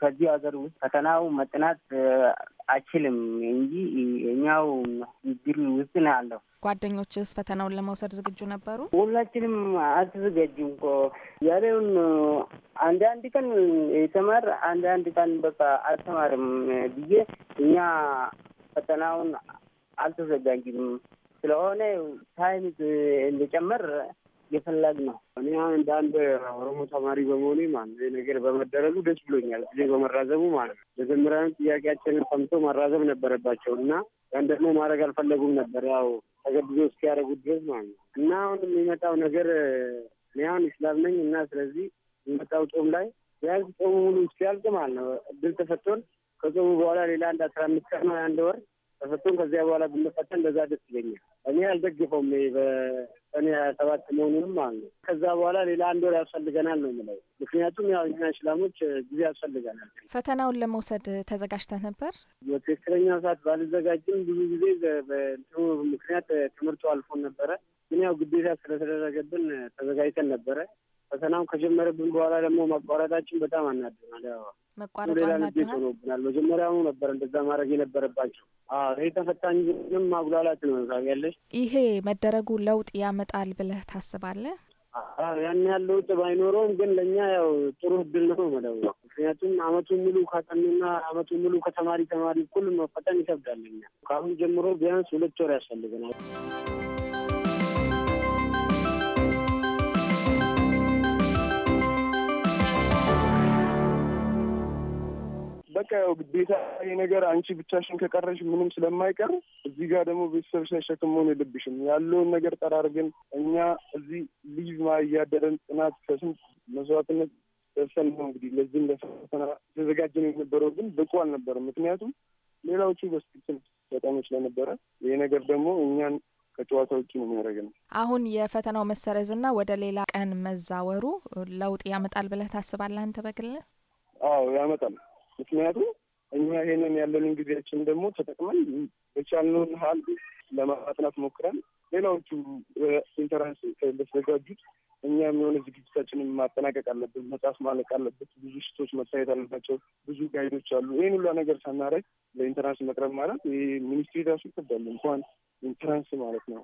ከዚህ ሀገር ውስጥ ፈተናው መጥናት አችልም እንጂ እኛው ችግር ውስጥ ነው ያለው። ጓደኞችስ ፈተናውን ለመውሰድ ዝግጁ ነበሩ? ሁላችንም አልተዘጋጅም እኮ ያለውን አንዳንድ ቀን የተማር አንዳንድ ቀን በቃ አልተማርም ብዬ እኛ ፈተናውን አልተዘጋጅም ስለሆነ ታይም እንደጨመር የፈላግ ነው። እኔ እንደ አንድ ኦሮሞ ተማሪ በመሆኔ ማለት ነው ነገር በመደረጉ ደስ ብሎኛል። ጊዜ በመራዘሙ ማለት ነው። መጀመሪያን ጥያቄያችንን ሰምቶ ማራዘም ነበረባቸው እና ያን ደግሞ ማድረግ አልፈለጉም ነበር ያው ተገድዞ እስኪያደረጉ ድረስ ማለት ነው እና አሁን የሚመጣው ነገር እኔ አሁን እስላም ነኝ እና ስለዚህ የሚመጣው ጾም ላይ ቢያንስ ጾሙ ሙሉ እስኪያልቅ ማለት ነው እድል ተሰጥቶን ከጾሙ በኋላ ሌላ አንድ አስራ አምስት ቀን አንድ ወር ተሰጥቶን ከዚያ በኋላ ብንፈታ እንደዛ ደስ ይለኛል። እኔ አልደግፈውም በእኔ ሀያ ሰባት መሆኑንም አለ። ከዛ በኋላ ሌላ አንድ ወር ያስፈልገናል ነው የምለው። ምክንያቱም ያው እኛ እስላሞች ጊዜ ያስፈልገናል። ፈተናውን ለመውሰድ ተዘጋጅተህ ነበር? በትክክለኛ ሰዓት ባልዘጋጅም ብዙ ጊዜ በእንትኑ ምክንያት ትምህርቱ አልፎን ነበረ። ግን ያው ግዴታ ስለተደረገብን ተዘጋጅተን ነበረ። ፈተናውን ከጀመረብን በኋላ ደግሞ ማቋረጣችን በጣም አናደናል። ያው ሌላ ንዴት ሆኖብናል። መጀመሪያውኑ ነበር እንደዛ ማድረግ የነበረባቸው። ይሄ ተፈታኝም ማጉላላት ነው። ታውቂያለሽ፣ ይሄ መደረጉ ለውጥ ያመጣል ብለህ ታስባለህ? ያን ያህል ለውጥ ባይኖረውም ግን ለእኛ ያው ጥሩ እድል ነው መደቡ። ምክንያቱም አመቱ ሙሉ ካጠኑና አመቱ ሙሉ ከተማሪ ተማሪ እኩል መፈጠን ይከብዳል። እኛ ከአሁን ጀምሮ ቢያንስ ሁለት ወር ያስፈልገናል። በቃ ያው ግዴታ ይሄ ነገር አንቺ ብቻሽን ከቀረሽ ምንም ስለማይቀር እዚህ ጋር ደግሞ ቤተሰብ ሸክም መሆን የለብሽም። ያለውን ነገር ጠራርገን እኛ እዚህ ልጅ ማ እያደረን ጥናት ከስንት መስዋዕትነት ደርሰን ነው እንግዲህ ለዚህም ለፈተና ተዘጋጀን የነበረው ግን ብቁ አልነበረም። ምክንያቱም ሌላዎቹ በስክትን በጣም ስለነበረ ይሄ ነገር ደግሞ እኛን ከጨዋታ ውጭ ነው ነው። አሁን የፈተናው መሰረዝና ወደ ሌላ ቀን መዛወሩ ለውጥ ያመጣል ብለህ ታስባለህ አንተ በግል? አዎ ያመጣል ምክንያቱም እኛ ይሄንን ያለንን ጊዜያችን ደግሞ ተጠቅመን የቻልነውን ሀል ለማጥናት ሞክረን ሌላዎቹ ኢንተራንስ ለተዘጋጁት እኛም የሆነ ዝግጅታችንን ማጠናቀቅ አለብን። መጽሐፍ ማለቅ አለበት። ብዙ ሽቶች መታየት አለባቸው። ብዙ ጋይዶች አሉ። ይህን ሁላ ነገር ሳናረግ ለኢንተራንስ መቅረብ ማለት ይህ ሚኒስትሪ ራሱ ይከብዳል፣ እንኳን ኢንተራንስ ማለት ነው።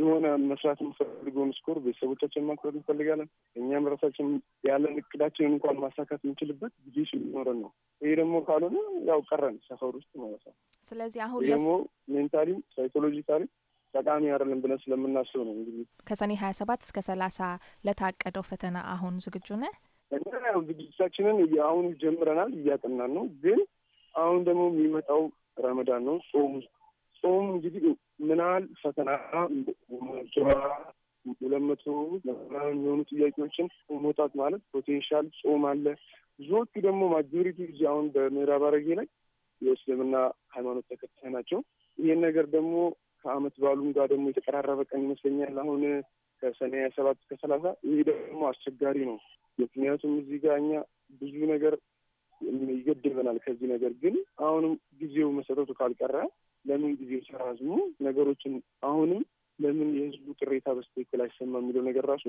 የሆነ መስራት የምፈልገውን ስኮር ቤተሰቦቻችን ማክበር እንፈልጋለን። እኛም ራሳችን ያለን እቅዳችንን እንኳን ማሳካት የምንችልበት ጊዜ ሲኖረን ነው። ይህ ደግሞ ካልሆነ ያው ቀረን ሰፈር ውስጥ ማለት ነው። ስለዚህ አሁን ደግሞ ሜንታሊም ሳይኮሎጂካሊም ጠቃሚ አይደለም ብለን ስለምናስብ ነው። እንግዲህ ከሰኔ ሀያ ሰባት እስከ ሰላሳ ለታቀደው ፈተና አሁን ዝግጁ ነ እና ያው ዝግጅታችንን አሁን ጀምረናል፣ እያጠናን ነው። ግን አሁን ደግሞ የሚመጣው ረመዳን ነው። ጾም ጾም እንግዲህ ምናል ፈተና ዙራ ሁለት መቶ የሚሆኑ ጥያቄዎችን መውጣት ማለት ፖቴንሻል ጾም አለ። ብዙዎቹ ደግሞ ማጆሪቲ እዚህ አሁን በምዕራብ አረጌ ላይ የእስልምና ሃይማኖት ተከታይ ናቸው። ይህን ነገር ደግሞ ከአመት በዓሉም ጋር ደግሞ የተቀራረበ ቀን ይመስለኛል አሁን ከሰኔ ሀያ ሰባት እስከ ሰላሳ ይህ ደግሞ አስቸጋሪ ነው። ምክንያቱም እዚህ ጋር እኛ ብዙ ነገር ይገድበናል። ከዚህ ነገር ግን አሁንም ጊዜው መሰጠቱ ካልቀረ ለምን ጊዜ ሲራዝሙ ነገሮችን አሁንም ለምን የህዝቡ ቅሬታ በስትክክል አይሰማ የሚለው ነገር ራሱ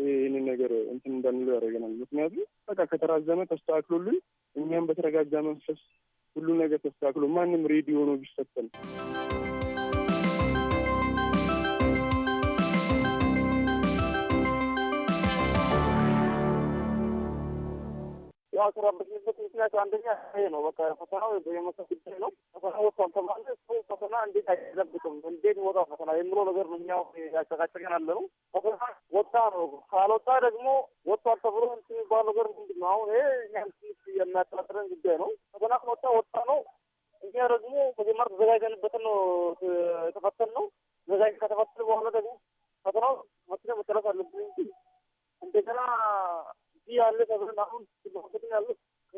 ይህንን ነገር እንትን እንዳንለው ያደርገናል። ምክንያቱም በቃ ከተራዘመ ተስተካክሎልን እኛም በተረጋጋ መንፈስ ሁሉ ነገር ተስተካክሎ ማንም ሬዲዮ ነው ቢሰተን ያኩራበትበት ምክንያት አንደኛ ይሄ ነው። በቃ ፈተናው የመውሰድ ጉዳይ ነው። ፈተና ወጥቷል ተባለ። እሱ ፈተና እንዴት አይለብቅም እንዴት ወጣ ፈተና የምለው ነገር ነው። እኛው ያጨቃጨቀን አለ ነው። ፈተና ወጣ ነው። ካልወጣ ደግሞ ወጥቷል ተብሎ የሚባል ነገር ምንድን ነው? አሁን ይሄ እኛን ትንሽ የሚያጠራጥረን ጉዳይ ነው። ፈተና ወጣ ወጣ ነው። እኛ ደግሞ መጀመር ተዘጋጀንበትን ነው የተፈተን ነው። ተዘጋጅ ከተፈተን በኋላ ደግሞ ፈተናው መኪና መጨረስ አለብን እንጂ እንደገና ያለ ተብለን አሁን ስበትን ያለ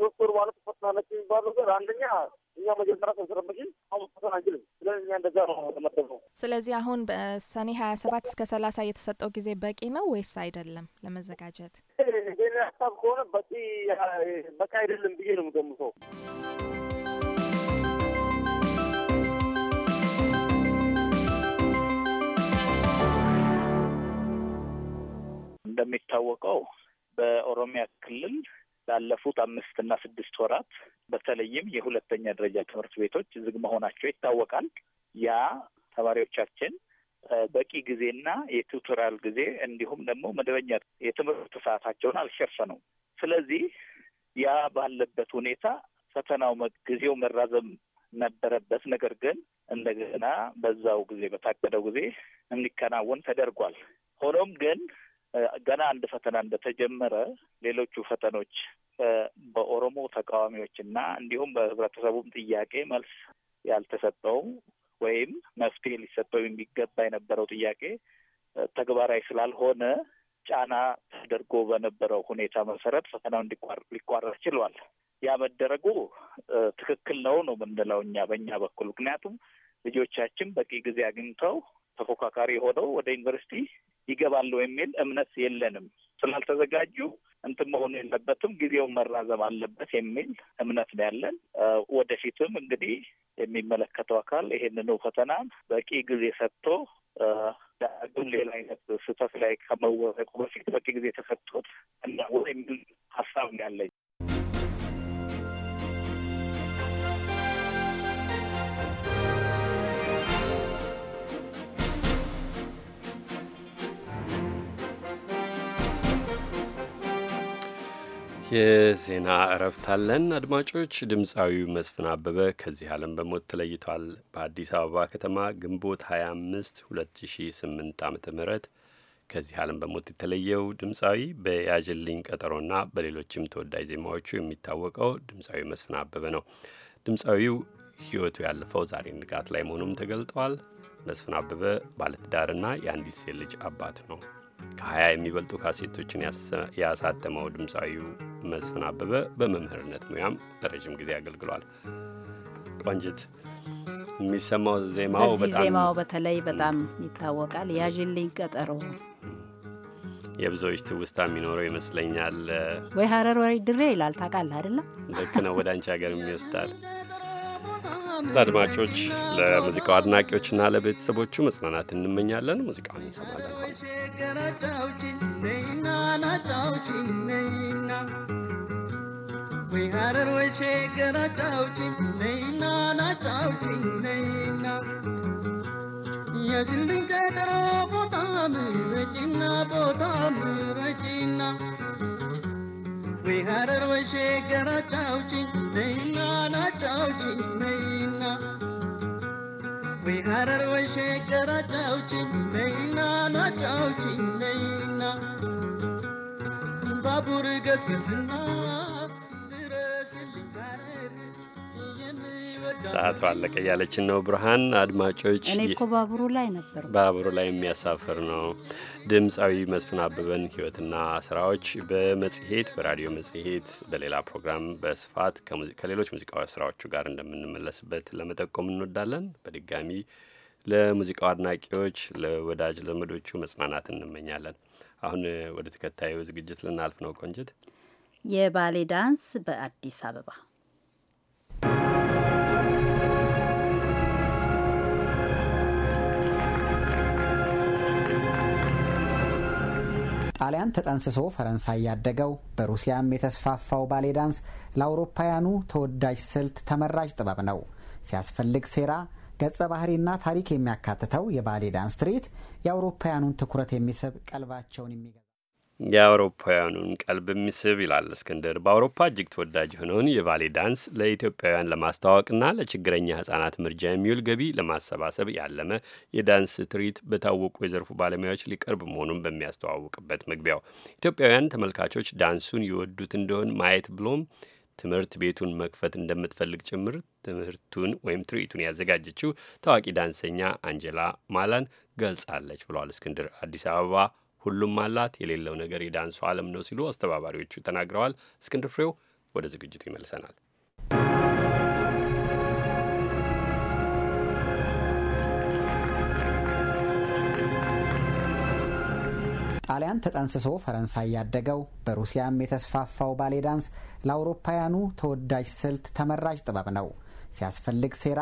ሶስት ማለት ፈትናለች የሚባል ነገር አንደኛ እኛ መጀመሪያ ተሰረመሽን አሁን ፈተን አንችልም ስለዚህ እኛ እንደዛ ነው ተመደብ ስለዚህ አሁን በሰኔ ሀያ ሰባት እስከ ሰላሳ የተሰጠው ጊዜ በቂ ነው ወይስ አይደለም ለመዘጋጀት? ይህን ሀሳብ ከሆነ በቂ በቂ አይደለም ብዬ ነው የምገምተው። እንደሚታወቀው በኦሮሚያ ክልል ላለፉት አምስት እና ስድስት ወራት በተለይም የሁለተኛ ደረጃ ትምህርት ቤቶች ዝግ መሆናቸው ይታወቃል። ያ ተማሪዎቻችን በቂ ጊዜና የቱቶሪያል ጊዜ እንዲሁም ደግሞ መደበኛ የትምህርት ሰዓታቸውን አልሸፈኑም። ስለዚህ ያ ባለበት ሁኔታ ፈተናው ጊዜው መራዘም ነበረበት። ነገር ግን እንደገና በዛው ጊዜ በታቀደው ጊዜ እንዲከናወን ተደርጓል። ሆኖም ግን ገና አንድ ፈተና እንደተጀመረ ሌሎቹ ፈተኖች በኦሮሞ ተቃዋሚዎች እና እንዲሁም በህብረተሰቡም ጥያቄ መልስ ያልተሰጠው ወይም መፍትሄ ሊሰጠው የሚገባ የነበረው ጥያቄ ተግባራዊ ስላልሆነ ጫና ተደርጎ በነበረው ሁኔታ መሰረት ፈተናው ሊቋረጥ ችሏል። ያ መደረጉ ትክክል ነው ነው የምንለው እኛ በእኛ በኩል ምክንያቱም ልጆቻችን በቂ ጊዜ አግኝተው ተፎካካሪ ሆነው ወደ ዩኒቨርሲቲ ይገባሉ የሚል እምነት የለንም። ስላልተዘጋጁ እንትን መሆኑ የለበትም ጊዜው መራዘም አለበት የሚል እምነት ነው ያለን። ወደፊትም እንግዲህ የሚመለከተው አካል ይሄንኑ ፈተና በቂ ጊዜ ሰጥቶ ዳግም ሌላ አይነት ስህተት ላይ ከመወረቁ በፊት በቂ ጊዜ ተሰጥቶት እናወ የሚል ሀሳብ ነው ያለኝ። የዜና እረፍት አለን አድማጮች። ድምፃዊው መስፍን አበበ ከዚህ ዓለም በሞት ተለይቷል። በአዲስ አበባ ከተማ ግንቦት 25 2008 ዓ ም ከዚህ ዓለም በሞት የተለየው ድምፃዊ በያዥልኝ ቀጠሮና በሌሎችም ተወዳጅ ዜማዎቹ የሚታወቀው ድምፃዊ መስፍን አበበ ነው። ድምፃዊው ሕይወቱ ያለፈው ዛሬ ንጋት ላይ መሆኑም ተገልጧል። መስፍን አበበ ባለትዳርና የአንዲት ሴት ልጅ አባት ነው። ከሀያ የሚበልጡ ካሴቶችን ያሳተመው ድምፃዊው መስፍን አበበ በመምህርነት ሙያም ለረዥም ጊዜ አገልግሏል። ቆንጅት የሚሰማው ዜማው ዜማው በተለይ በጣም ይታወቃል። ያዥልኝ ቀጠሮ የብዙዎች ትውስታ የሚኖረው ይመስለኛል። ወይ ሀረር ወይ ድሬ ይላል። ታውቃለህ አይደለም? ልክ ነው። ወደ አንቺ ሀገር የሚወስዳል ለአድማጮች ለሙዚቃው አድናቂዎችና ለቤተሰቦቹ መጽናናት እንመኛለን። ሙዚቃውን እንሰማለን። ወይ ሀረር ወይ ሸገር አጫውችኝ ነይና ናጫውችኝ ነይና የግልን ቀጠሮ ቦታ ምረጪና ቦታ ምረጪና ወይ ሀረር ወይ ሸገር አጫውችኝ ነይና ናጫውችኝ ነይና ወይ ሀረር ወይ ሸገር አጫውችኝ ነይና ናጫውችኝ ነይና ባቡር ገስገስና ሰዓቱ አለቀ እያለችን ነው ብርሃን። አድማጮች እኔ እኮ ባቡሩ ላይ ነበር። ባቡሩ ላይ የሚያሳፍር ነው። ድምፃዊ መስፍን አበበን ህይወትና ስራዎች በመጽሔት በራዲዮ መጽሔት በሌላ ፕሮግራም በስፋት ከሌሎች ሙዚቃዊ ስራዎቹ ጋር እንደምንመለስበት ለመጠቆም እንወዳለን። በድጋሚ ለሙዚቃው አድናቂዎች፣ ለወዳጅ ዘመዶቹ መጽናናት እንመኛለን። አሁን ወደ ተከታዩ ዝግጅት ልናልፍ ነው። ቆንጅት የባሌ ዳንስ በአዲስ አበባ ጣሊያን ተጠንስሶ ፈረንሳይ ያደገው በሩሲያም የተስፋፋው ባሌ ዳንስ ለአውሮፓውያኑ ተወዳጅ ስልት ተመራጭ ጥበብ ነው። ሲያስፈልግ ሴራ ገጸ ባህሪና ታሪክ የሚያካትተው የባሌ ዳንስ ትርኢት የአውሮፓውያኑን ትኩረት የሚስብ ቀልባቸውን የሚገ የአውሮፓውያኑን ቀልብ የሚስብ ይላል እስክንድር። በአውሮፓ እጅግ ተወዳጅ የሆነውን የቫሌ ዳንስ ለኢትዮጵያውያን ለማስተዋወቅና ለችግረኛ ሕጻናት ምርጃ የሚውል ገቢ ለማሰባሰብ ያለመ የዳንስ ትርኢት በታወቁ የዘርፉ ባለሙያዎች ሊቀርብ መሆኑን በሚያስተዋውቅበት መግቢያው ኢትዮጵያውያን ተመልካቾች ዳንሱን ይወዱት እንደሆን ማየት ብሎም ትምህርት ቤቱን መክፈት እንደምትፈልግ ጭምር ትምህርቱን ወይም ትርኢቱን ያዘጋጀችው ታዋቂ ዳንሰኛ አንጀላ ማላን ገልጻለች ብለዋል እስክንድር አዲስ አበባ ሁሉም አላት፣ የሌለው ነገር የዳንሱ ዓለም ነው ሲሉ አስተባባሪዎቹ ተናግረዋል። እስክንድር ፍሬው ወደ ዝግጅቱ ይመልሰናል። ጣሊያን ተጠንስሶ ፈረንሳይ ያደገው በሩሲያም የተስፋፋው ባሌ ዳንስ ለአውሮፓውያኑ ተወዳጅ ስልት ተመራጭ ጥበብ ነው። ሲያስፈልግ ሴራ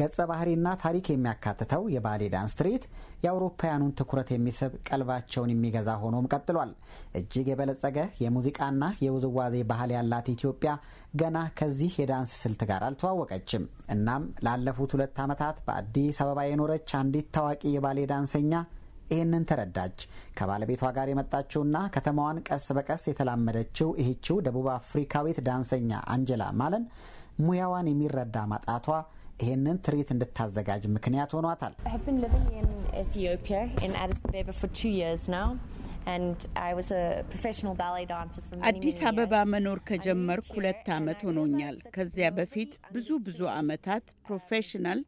ገጸ ባህሪና ታሪክ የሚያካትተው የባሌ ዳንስ ትርኢት የአውሮፓውያኑን ትኩረት የሚስብ ቀልባቸውን የሚገዛ ሆኖም ቀጥሏል። እጅግ የበለጸገ የሙዚቃና የውዝዋዜ ባህል ያላት ኢትዮጵያ ገና ከዚህ የዳንስ ስልት ጋር አልተዋወቀችም። እናም ላለፉት ሁለት ዓመታት በአዲስ አበባ የኖረች አንዲት ታዋቂ የባሌ ዳንሰኛ ይህንን ተረዳች። ከባለቤቷ ጋር የመጣችውና ከተማዋን ቀስ በቀስ የተላመደችው ይህችው ደቡብ አፍሪካዊት ዳንሰኛ አንጀላ ማለን ሙያዋን የሚረዳ ማጣቷ ይህንን ትርኢት እንድታዘጋጅ ምክንያት ሆኗታል። አዲስ አበባ መኖር ከጀመር ሁለት ዓመት ሆኖኛል። ከዚያ በፊት ብዙ ብዙ ዓመታት ፕሮፌሽናል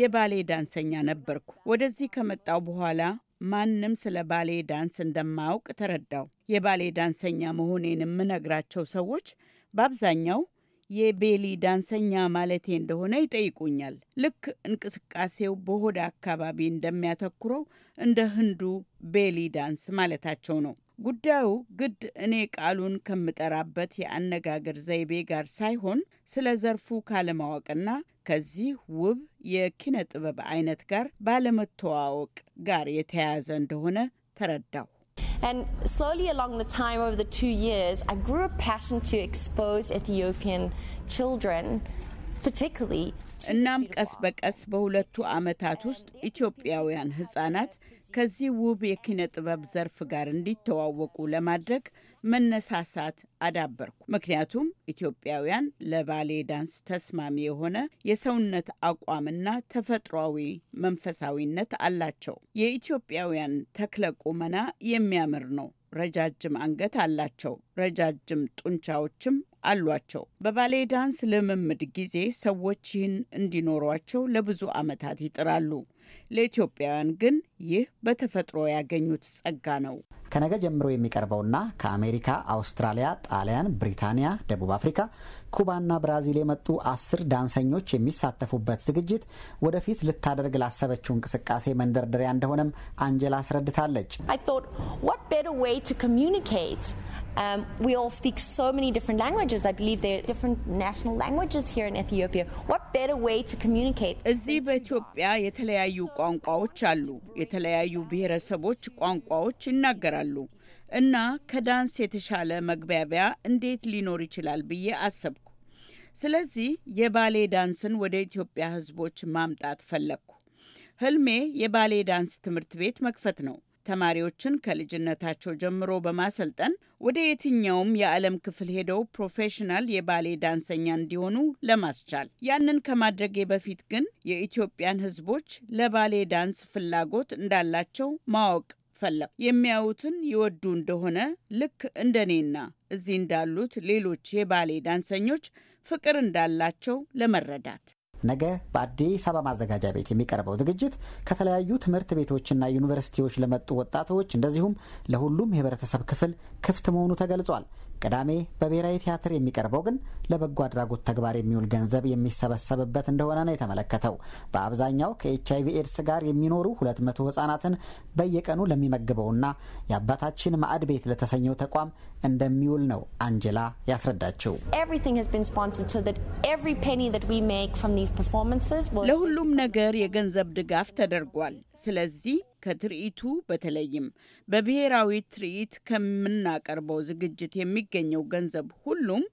የባሌ ዳንሰኛ ነበርኩ። ወደዚህ ከመጣው በኋላ ማንም ስለ ባሌ ዳንስ እንደማያውቅ ተረዳው። የባሌ ዳንሰኛ መሆኔን የምነግራቸው ሰዎች በአብዛኛው የቤሊ ዳንሰኛ ማለቴ እንደሆነ ይጠይቁኛል። ልክ እንቅስቃሴው በሆድ አካባቢ እንደሚያተኩረው እንደ ህንዱ ቤሊ ዳንስ ማለታቸው ነው። ጉዳዩ ግድ እኔ ቃሉን ከምጠራበት የአነጋገር ዘይቤ ጋር ሳይሆን ስለ ዘርፉ ካለማወቅና ከዚህ ውብ የኪነ ጥበብ አይነት ጋር ባለመተዋወቅ ጋር የተያያዘ እንደሆነ ተረዳው። And slowly along the time over the two years, I grew a passion to expose Ethiopian children, particularly. እናም ቀስ በቀስ በሁለቱ ዓመታት ውስጥ ኢትዮጵያውያን ሕፃናት ከዚህ ውብ የኪነ ጥበብ ዘርፍ ጋር እንዲተዋወቁ ለማድረግ መነሳሳት አዳበርኩ። ምክንያቱም ኢትዮጵያውያን ለባሌ ዳንስ ተስማሚ የሆነ የሰውነት አቋምና ተፈጥሯዊ መንፈሳዊነት አላቸው። የኢትዮጵያውያን ተክለ ቁመና የሚያምር ነው። ረጃጅም አንገት አላቸው። ረጃጅም ጡንቻዎችም አሏቸው። በባሌ ዳንስ ልምምድ ጊዜ ሰዎች ይህን እንዲኖሯቸው ለብዙ ዓመታት ይጥራሉ። ለኢትዮጵያውያን ግን ይህ በተፈጥሮ ያገኙት ጸጋ ነው። ከነገ ጀምሮ የሚቀርበውና ከአሜሪካ፣ አውስትራሊያ፣ ጣሊያን፣ ብሪታንያ፣ ደቡብ አፍሪካ፣ ኩባና ብራዚል የመጡ አስር ዳንሰኞች የሚሳተፉበት ዝግጅት ወደፊት ልታደርግ ላሰበችው እንቅስቃሴ መንደርደሪያ እንደሆነም አንጀላ አስረድታለች። Um, we all speak so many different languages. I believe there are different national languages here in Ethiopia. What better way to communicate? እዚህ በኢትዮጵያ የተለያዩ ቋንቋዎች አሉ። የተለያዩ ብሔረሰቦች ቋንቋዎች ይናገራሉ። እና ከዳንስ የተሻለ መግባቢያ እንዴት ሊኖር ይችላል ብዬ አሰብኩ። ስለዚህ የባሌ ዳንስን ወደ ኢትዮጵያ ሕዝቦች ማምጣት ፈለግኩ። ህልሜ የባሌ ዳንስ ትምህርት ቤት መክፈት ነው። ተማሪዎችን ከልጅነታቸው ጀምሮ በማሰልጠን ወደ የትኛውም የዓለም ክፍል ሄደው ፕሮፌሽናል የባሌ ዳንሰኛ እንዲሆኑ ለማስቻል። ያንን ከማድረጌ በፊት ግን የኢትዮጵያን ሕዝቦች ለባሌ ዳንስ ፍላጎት እንዳላቸው ማወቅ ፈለግ የሚያዩትን ይወዱ እንደሆነ ልክ እንደኔና እዚህ እንዳሉት ሌሎች የባሌ ዳንሰኞች ፍቅር እንዳላቸው ለመረዳት ነገ በአዲስ አበባ ማዘጋጃ ቤት የሚቀርበው ዝግጅት ከተለያዩ ትምህርት ቤቶችና ዩኒቨርሲቲዎች ለመጡ ወጣቶች እንደዚሁም ለሁሉም የህብረተሰብ ክፍል ክፍት መሆኑ ተገልጿል። ቅዳሜ በብሔራዊ ቲያትር የሚቀርበው ግን ለበጎ አድራጎት ተግባር የሚውል ገንዘብ የሚሰበሰብበት እንደሆነ ነው የተመለከተው። በአብዛኛው ከኤች አይቪ ኤድስ ጋር የሚኖሩ ሁለት መቶ ህጻናትን በየቀኑ ለሚመግበውና የአባታችን ማዕድ ቤት ለተሰኘው ተቋም እንደሚውል ነው አንጀላ ያስረዳችው። ለሁሉም ነገር የገንዘብ ድጋፍ ተደርጓል። ስለዚህ ከትርኢቱ በተለይም በብሔራዊ ትርኢት ከምናቀርበው ዝግጅት የሚገኘው ገንዘብ ሁሉም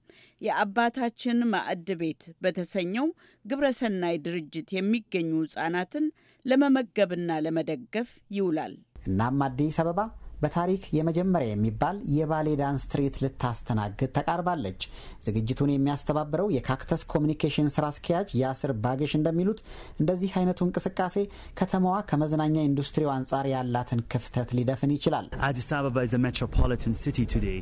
የአባታችን ማዕድ ቤት በተሰኘው ግብረሰናይ ድርጅት የሚገኙ ህፃናትን ለመመገብና ለመደገፍ ይውላል። እናም አዲስ አበባ በታሪክ የመጀመሪያ የሚባል የባሌ ዳንስ ትርኢት ልታስተናግድ ተቃርባለች። ዝግጅቱን የሚያስተባብረው የካክተስ ኮሚኒኬሽን ስራ አስኪያጅ የአስር ባጌሽ እንደሚሉት እንደዚህ አይነቱ እንቅስቃሴ ከተማዋ ከመዝናኛ ኢንዱስትሪው አንጻር ያላትን ክፍተት ሊደፍን ይችላል። አዲስ አበባ is a metropolitan city today.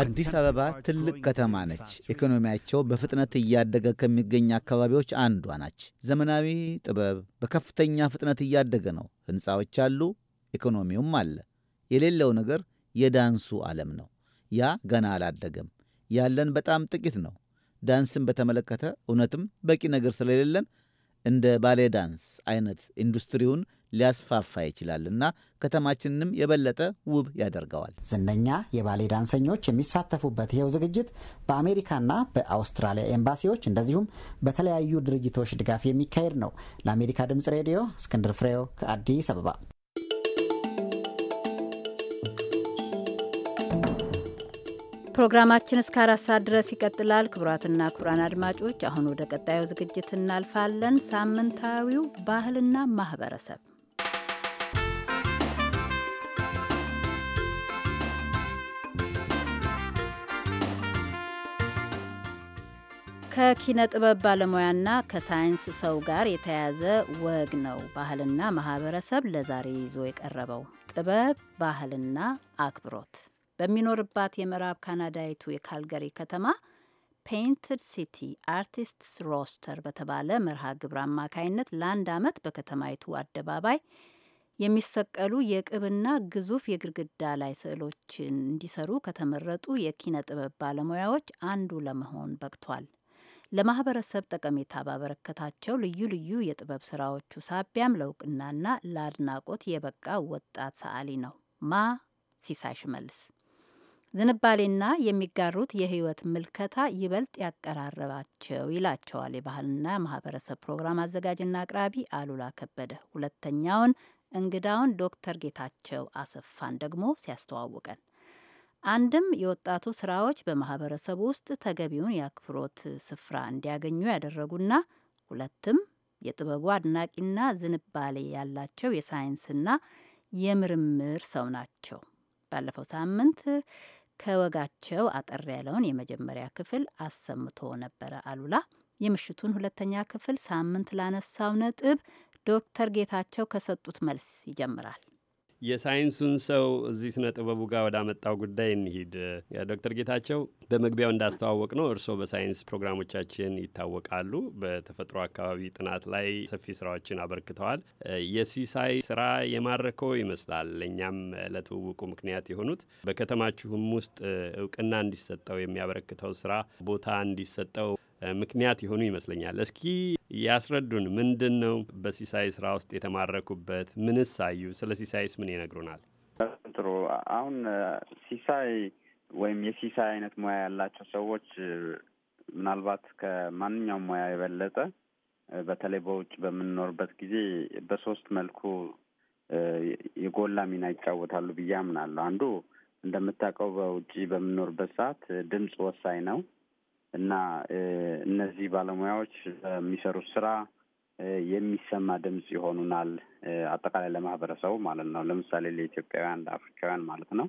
አዲስ አበባ ትልቅ ከተማ ነች። ኢኮኖሚያቸው በፍጥነት እያደገ ከሚገኝ አካባቢዎች አንዷ ናች። ዘመናዊ ጥበብ በከፍተኛ ፍጥነት እያደገ ነው። ሕንፃዎች አሉ፣ ኢኮኖሚውም አለ። የሌለው ነገር የዳንሱ ዓለም ነው። ያ ገና አላደገም። ያለን በጣም ጥቂት ነው። ዳንስን በተመለከተ እውነትም በቂ ነገር ስለሌለን እንደ ባሌ ዳንስ አይነት ኢንዱስትሪውን ሊያስፋፋ ይችላል እና ከተማችንንም የበለጠ ውብ ያደርገዋል። ዝነኛ የባሌ ዳንሰኞች የሚሳተፉበት ይኸው ዝግጅት በአሜሪካና በአውስትራሊያ ኤምባሲዎች እንደዚሁም በተለያዩ ድርጅቶች ድጋፍ የሚካሄድ ነው። ለአሜሪካ ድምጽ ሬዲዮ እስክንድር ፍሬው ከአዲስ አበባ። ፕሮግራማችን እስከ አራት ሰዓት ድረስ ይቀጥላል። ክቡራትና ክቡራን አድማጮች አሁን ወደ ቀጣዩ ዝግጅት እናልፋለን። ሳምንታዊው ባህልና ማህበረሰብ ከኪነ ጥበብ ባለሙያና ከሳይንስ ሰው ጋር የተያያዘ ወግ ነው። ባህልና ማህበረሰብ ለዛሬ ይዞ የቀረበው ጥበብ ባህልና አክብሮት በሚኖርባት የምዕራብ ካናዳይቱ የካልገሪ ከተማ ፔይንትድ ሲቲ አርቲስትስ ሮስተር በተባለ መርሃ ግብር አማካይነት ለአንድ ዓመት በከተማይቱ አደባባይ የሚሰቀሉ የቅብና ግዙፍ የግድግዳ ላይ ስዕሎችን እንዲሰሩ ከተመረጡ የኪነ ጥበብ ባለሙያዎች አንዱ ለመሆን በቅቷል። ለማህበረሰብ ጠቀሜታ ባበረከታቸው ልዩ ልዩ የጥበብ ስራዎቹ ሳቢያም ለእውቅናና ለአድናቆት የበቃ ወጣት ሰዓሊ ነው። ማ ሲሳይ ሽመልስ ዝንባሌና የሚጋሩት የህይወት ምልከታ ይበልጥ ያቀራረባቸው ይላቸዋል የባህልና ማህበረሰብ ፕሮግራም አዘጋጅና አቅራቢ አሉላ ከበደ ሁለተኛውን እንግዳውን ዶክተር ጌታቸው አሰፋን ደግሞ ሲያስተዋውቀን አንድም የወጣቱ ስራዎች በማህበረሰቡ ውስጥ ተገቢውን የአክብሮት ስፍራ እንዲያገኙ ያደረጉና ሁለትም የጥበቡ አድናቂና ዝንባሌ ያላቸው የሳይንስና የምርምር ሰው ናቸው። ባለፈው ሳምንት ከወጋቸው አጠር ያለውን የመጀመሪያ ክፍል አሰምቶ ነበረ አሉላ። የምሽቱን ሁለተኛ ክፍል ሳምንት ላነሳው ነጥብ ዶክተር ጌታቸው ከሰጡት መልስ ይጀምራል። የሳይንሱን ሰው እዚህ ስነ ጥበቡ ጋር ወዳመጣው ጉዳይ እንሂድ። ዶክተር ጌታቸው በመግቢያው እንዳስተዋወቅ ነው እርስዎ በሳይንስ ፕሮግራሞቻችን ይታወቃሉ። በተፈጥሮ አካባቢ ጥናት ላይ ሰፊ ስራዎችን አበርክተዋል። የሲሳይ ስራ የማረከው ይመስላል። ለእኛም ለትውውቁ ምክንያት የሆኑት በከተማችሁም ውስጥ እውቅና እንዲሰጠው የሚያበረክተው ስራ ቦታ እንዲሰጠው ምክንያት የሆኑ ይመስለኛል። እስኪ ያስረዱን። ምንድን ነው በሲሳይ ስራ ውስጥ የተማረኩበት? ምንስ ሳዩ ስለ ሲሳይስ ምን ይነግሩናል? ጥሩ። አሁን ሲሳይ ወይም የሲሳይ አይነት ሙያ ያላቸው ሰዎች ምናልባት ከማንኛውም ሙያ የበለጠ በተለይ በውጭ በምንኖርበት ጊዜ በሶስት መልኩ የጎላ ሚና ይጫወታሉ ብዬ አምናለሁ። አንዱ እንደምታውቀው በውጭ በምንኖርበት ሰዓት ድምፅ ወሳኝ ነው። እና እነዚህ ባለሙያዎች በሚሰሩት ስራ የሚሰማ ድምፅ ይሆኑናል። አጠቃላይ ለማህበረሰቡ ማለት ነው። ለምሳሌ ለኢትዮጵያውያን፣ ለአፍሪካውያን ማለት ነው።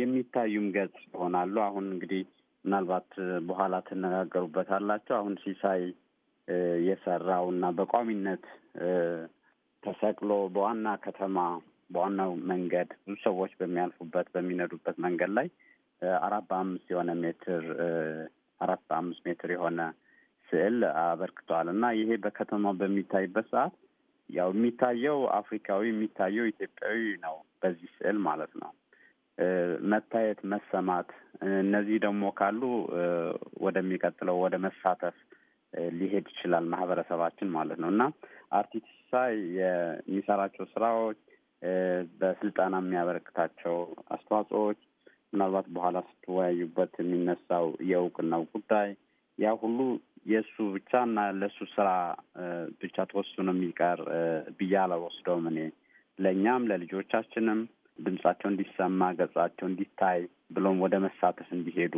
የሚታዩም ገጽ ይሆናሉ። አሁን እንግዲህ ምናልባት በኋላ ትነጋገሩበት አላቸው። አሁን ሲሳይ የሰራው እና በቋሚነት ተሰቅሎ በዋና ከተማ በዋናው መንገድ ብዙ ሰዎች በሚያልፉበት በሚነዱበት መንገድ ላይ አራት በአምስት የሆነ ሜትር አራት በአምስት ሜትር የሆነ ስዕል አበርክቷል እና ይሄ በከተማው በሚታይበት ሰዓት ያው የሚታየው አፍሪካዊ የሚታየው ኢትዮጵያዊ ነው በዚህ ስዕል ማለት ነው። መታየት፣ መሰማት እነዚህ ደግሞ ካሉ ወደሚቀጥለው ወደ መሳተፍ ሊሄድ ይችላል ማህበረሰባችን ማለት ነው እና አርቲስት ሲሳይ የሚሰራቸው ስራዎች በስልጠና የሚያበረክታቸው አስተዋጽኦዎች ምናልባት በኋላ ስትወያዩበት የሚነሳው የእውቅናው ጉዳይ ያ ሁሉ የእሱ ብቻ እና ለእሱ ስራ ብቻ ተወስኖ የሚቀር ብዬ አልወስደውም። እኔ ለእኛም ለልጆቻችንም ድምጻቸው እንዲሰማ፣ ገጻቸው እንዲታይ ብሎም ወደ መሳተፍ እንዲሄዱ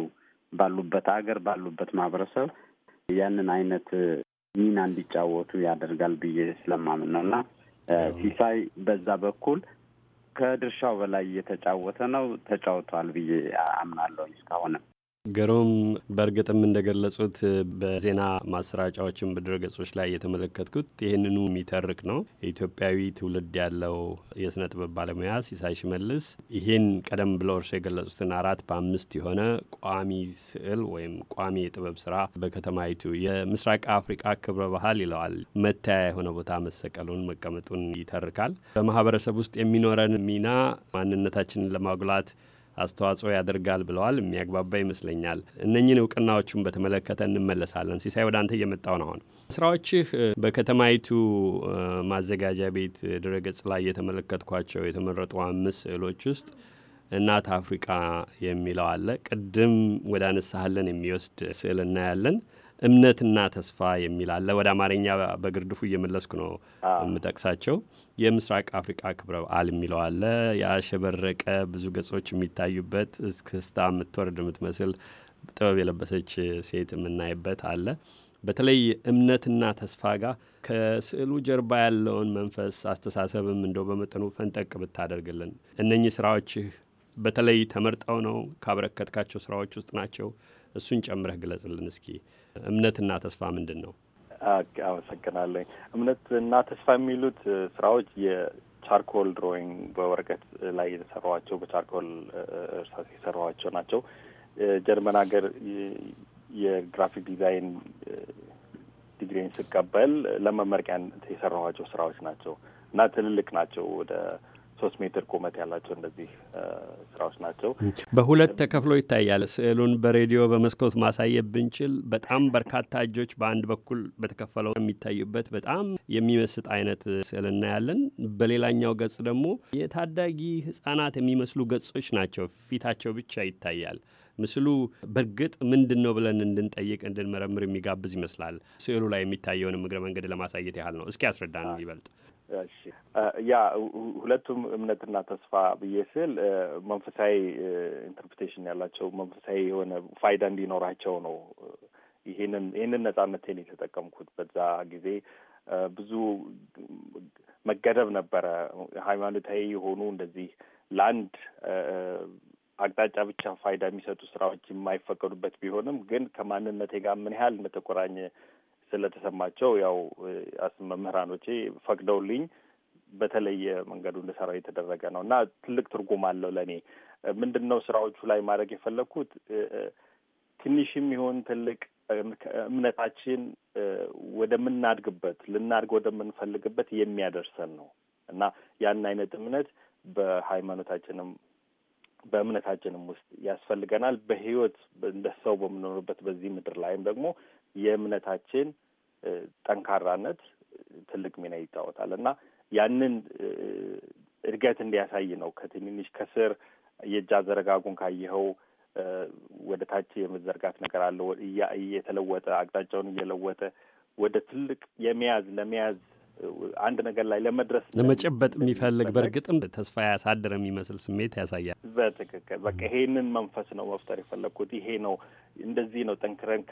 ባሉበት ሀገር ባሉበት ማህበረሰብ ያንን አይነት ሚና እንዲጫወቱ ያደርጋል ብዬ ስለማምን ነው እና ሲሳይ በዛ በኩል ከድርሻው በላይ እየተጫወተ ነው፣ ተጫውቷል ብዬ አምናለሁ እስካሁንም ግሩም በእርግጥም እንደገለጹት በዜና ማሰራጫዎችን በድረገጾች ላይ የተመለከትኩት ይህንኑ የሚተርክ ነው። ኢትዮጵያዊ ትውልድ ያለው የስነ ጥበብ ባለሙያ ሲሳይ ሽመልስ ይህን ቀደም ብለው እርሶ የገለጹትን አራት በአምስት የሆነ ቋሚ ስዕል ወይም ቋሚ የጥበብ ስራ በከተማይቱ የምስራቅ አፍሪቃ ክብረ ባህል ይለዋል መታያ የሆነ ቦታ መሰቀሉን መቀመጡን ይተርካል። በማህበረሰብ ውስጥ የሚኖረን ሚና ማንነታችንን ለማጉላት አስተዋጽኦ ያደርጋል ብለዋል። የሚያግባባ ይመስለኛል። እነኝን እውቅናዎቹን በተመለከተ እንመለሳለን። ሲሳይ ወደ አንተ እየመጣው ነው። አሁን ስራዎችህ በከተማይቱ ማዘጋጃ ቤት ድረገጽ ላይ የተመለከትኳቸው የተመረጡ አምስት ስዕሎች ውስጥ እናት አፍሪቃ የሚለው አለ። ቅድም ወደ አነሳሃለን የሚወስድ ስዕል እናያለን። እምነትና ተስፋ የሚል አለ። ወደ አማርኛ በግርድፉ እየመለስኩ ነው የምጠቅሳቸው። የምስራቅ አፍሪቃ ክብረ በዓል የሚለው አለ። ያሸበረቀ ብዙ ገጾች የሚታዩበት እስክስታ የምትወርድ የምትመስል ጥበብ የለበሰች ሴት የምናይበት አለ። በተለይ እምነትና ተስፋ ጋር ከስዕሉ ጀርባ ያለውን መንፈስ አስተሳሰብም እንደው በመጠኑ ፈንጠቅ ብታደርግልን። እነኚህ ስራዎችህ በተለይ ተመርጠው ነው ካበረከትካቸው ስራዎች ውስጥ ናቸው። እሱን ጨምረህ ግለጽልን እስኪ። እምነትና ተስፋ ምንድን ነው? አመሰግናለኝ። እምነትና ተስፋ የሚሉት ስራዎች የቻርኮል ድሮይንግ በወረቀት ላይ የተሰራዋቸው በቻርኮል እርሳስ የሰሯቸው ናቸው። ጀርመን ሀገር የግራፊክ ዲዛይን ዲግሪን ስቀበል ለመመርቂያ የሰራኋቸው ስራዎች ናቸው እና ትልልቅ ናቸው ወደ ሶስት ሜትር ቁመት ያላቸው እንደዚህ ስራዎች ናቸው። በሁለት ተከፍሎ ይታያል። ስዕሉን በሬዲዮ በመስኮት ማሳየት ብንችል በጣም በርካታ እጆች በአንድ በኩል በተከፈለው የሚታዩበት በጣም የሚመስጥ አይነት ስዕል እናያለን። በሌላኛው ገጽ ደግሞ የታዳጊ ህጻናት የሚመስሉ ገጾች ናቸው። ፊታቸው ብቻ ይታያል። ምስሉ በእርግጥ ምንድን ነው ብለን እንድንጠይቅ እንድንመረምር የሚጋብዝ ይመስላል። ስዕሉ ላይ የሚታየውንም እግረ መንገድ ለማሳየት ያህል ነው። እስኪ አስረዳን ይበልጥ። እሺ ያ ሁለቱም እምነትና ተስፋ ብዬ ስል መንፈሳዊ ኢንተርፕሬቴሽን ያላቸው መንፈሳዊ የሆነ ፋይዳ እንዲኖራቸው ነው። ይህንን ይህንን ነጻነቴን የተጠቀምኩት በዛ ጊዜ ብዙ መገደብ ነበረ። ሃይማኖታዊ የሆኑ እንደዚህ ለአንድ አቅጣጫ ብቻ ፋይዳ የሚሰጡ ስራዎች የማይፈቀዱበት ቢሆንም ግን ከማንነቴ ጋር ምን ያህል እንደተቆራኘ ስለተሰማቸው ያው መምህራኖቼ ፈቅደውልኝ በተለየ መንገዱ እንድሰራ የተደረገ ነው እና ትልቅ ትርጉም አለው ለእኔ። ምንድን ነው ስራዎቹ ላይ ማድረግ የፈለግኩት ትንሽም ይሁን ትልቅ እምነታችን ወደምናድግበት ልናድግ ወደምንፈልግበት የሚያደርሰን ነው እና ያን አይነት እምነት በሃይማኖታችንም በእምነታችንም ውስጥ ያስፈልገናል። በህይወት እንደ ሰው በምንኖርበት በዚህ ምድር ላይም ደግሞ የእምነታችን ጠንካራነት ትልቅ ሚና ይጫወታል እና ያንን እድገት እንዲያሳይ ነው ከትንንሽ ከስር የእጅ አዘረጋጉን ካየኸው ወደ ታች የመዘርጋት ነገር አለ። እየተለወጠ አቅጣጫውን እየለወጠ ወደ ትልቅ የመያዝ ለመያዝ አንድ ነገር ላይ ለመድረስ ለመጨበጥ የሚፈልግ በእርግጥም ተስፋ ያሳድር የሚመስል ስሜት ያሳያል። በትክክል በቃ ይሄንን መንፈስ ነው መፍጠር የፈለግኩት። ይሄ ነው እንደዚህ ነው ጠንክረን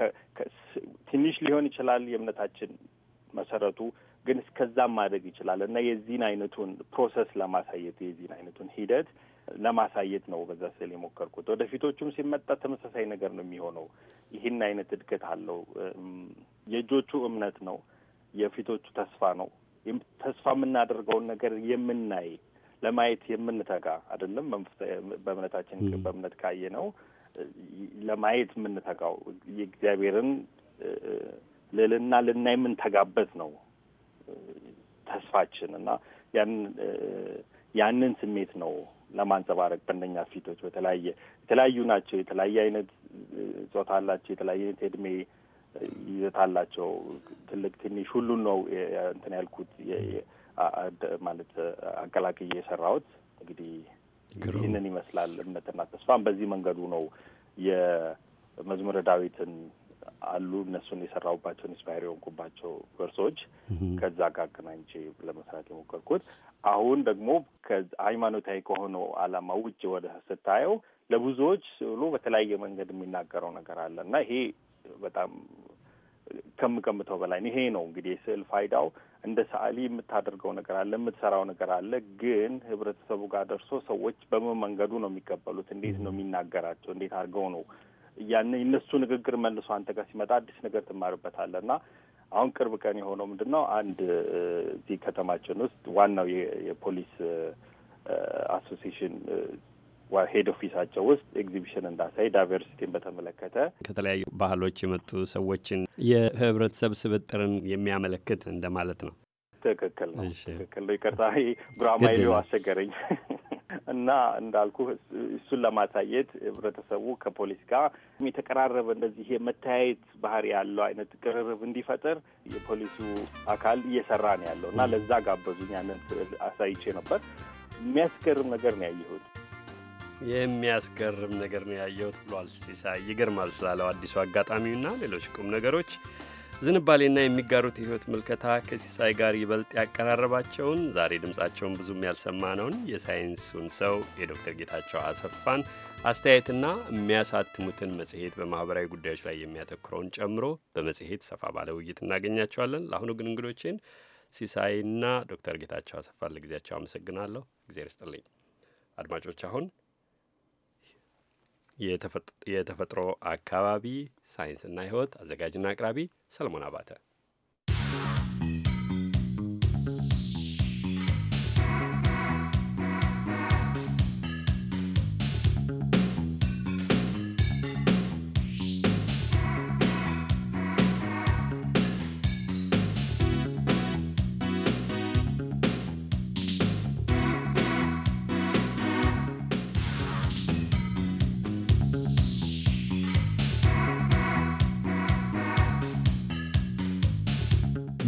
ትንሽ ሊሆን ይችላል የእምነታችን መሰረቱ ግን እስከዛም ማድረግ ይችላል እና የዚህን አይነቱን ፕሮሰስ ለማሳየት የዚህን አይነቱን ሂደት ለማሳየት ነው በዛ ስል የሞከርኩት። ወደፊቶቹም ሲመጣ ተመሳሳይ ነገር ነው የሚሆነው። ይህን አይነት እድገት አለው። የእጆቹ እምነት ነው የፊቶቹ ተስፋ ነው። ተስፋ የምናደርገውን ነገር የምናይ ለማየት የምንተጋ አይደለም። በእምነታችን በእምነት ካየ ነው ለማየት የምንተጋው የእግዚአብሔርን ልልና ልናይ የምንተጋበት ነው ተስፋችን እና ያንን ስሜት ነው ለማንጸባረቅ በእነኛ ፊቶች በተለያየ የተለያዩ ናቸው። የተለያየ አይነት ጾታ አላቸው። የተለያየ አይነት እድሜ ይዘት አላቸው። ትልቅ ትንሽ፣ ሁሉን ነው እንትን ያልኩት ማለት አቀላቅዬ የሰራሁት እንግዲህ ይህንን ይመስላል። እምነትና ተስፋም በዚህ መንገዱ ነው የመዝሙረ ዳዊትን አሉ እነሱን የሰራሁባቸው ኢንስፓየር የሆንኩባቸው ቨርሶች ከዛ ጋር አገናኝቼ ለመስራት የሞከርኩት። አሁን ደግሞ ሃይማኖታዊ ከሆነው አላማ ውጭ ወደ ስታየው ለብዙዎች ስሉ በተለያየ መንገድ የሚናገረው ነገር አለ እና ይሄ በጣም ከምገምተው በላይ ይሄ ነው እንግዲህ የስዕል ፋይዳው። እንደ ሰዓሊ የምታደርገው ነገር አለ፣ የምትሰራው ነገር አለ። ግን ህብረተሰቡ ጋር ደርሶ ሰዎች በምን መንገዱ ነው የሚቀበሉት? እንዴት ነው የሚናገራቸው? እንዴት አድርገው ነው ያን የነሱ ንግግር መልሶ አንተ ጋር ሲመጣ አዲስ ነገር ትማርበታለ እና አሁን ቅርብ ቀን የሆነው ምንድን ነው? አንድ እዚህ ከተማችን ውስጥ ዋናው የፖሊስ አሶሲሽን። ሄድ ኦፊሳቸው ውስጥ ኤግዚቢሽን እንዳሳይ ዳይቨርሲቲን በተመለከተ ከተለያዩ ባህሎች የመጡ ሰዎችን የህብረተሰብ ስብጥርን የሚያመለክት እንደማለት ነው። ትክክል ነው። ትክክል ነው። ይቅርታ ጉራማይሌው አስቸገረኝ እና እንዳልኩ እሱን ለማሳየት ህብረተሰቡ ከፖሊስ ጋር የተቀራረበ እንደዚህ የመተያየት ባህሪ ያለው አይነት ቅርርብ እንዲፈጠር የፖሊሱ አካል እየሰራ ነው ያለው እና ለዛ ጋበዙኝ። ያንን አሳይቼ ነበር። የሚያስገርም ነገር ነው ያየሁት። የሚያስገርም ነገር ነው ያየሁት ብሏል ሲሳይ። ይገርማል ስላለው አዲሱ አጋጣሚውና ሌሎች ቁም ነገሮች ዝንባሌና የሚጋሩት የህይወት ምልከታ ከሲሳይ ጋር ይበልጥ ያቀራረባቸውን ዛሬ ድምፃቸውን ብዙም ያልሰማነውን የሳይንሱን ሰው የዶክተር ጌታቸው አሰፋን አስተያየትና የሚያሳትሙትን መጽሔት በማህበራዊ ጉዳዮች ላይ የሚያተኩረውን ጨምሮ በመጽሔት ሰፋ ባለ ውይይት እናገኛቸዋለን። ለአሁኑ ግን እንግዶችን ሲሳይና ዶክተር ጌታቸው አሰፋን ለጊዜያቸው አመሰግናለሁ። ጊዜ ርስጥልኝ አድማጮች አሁን የተፈጥሮ አካባቢ ሳይንስና ሕይወት አዘጋጅና አቅራቢ ሰለሞን አባተ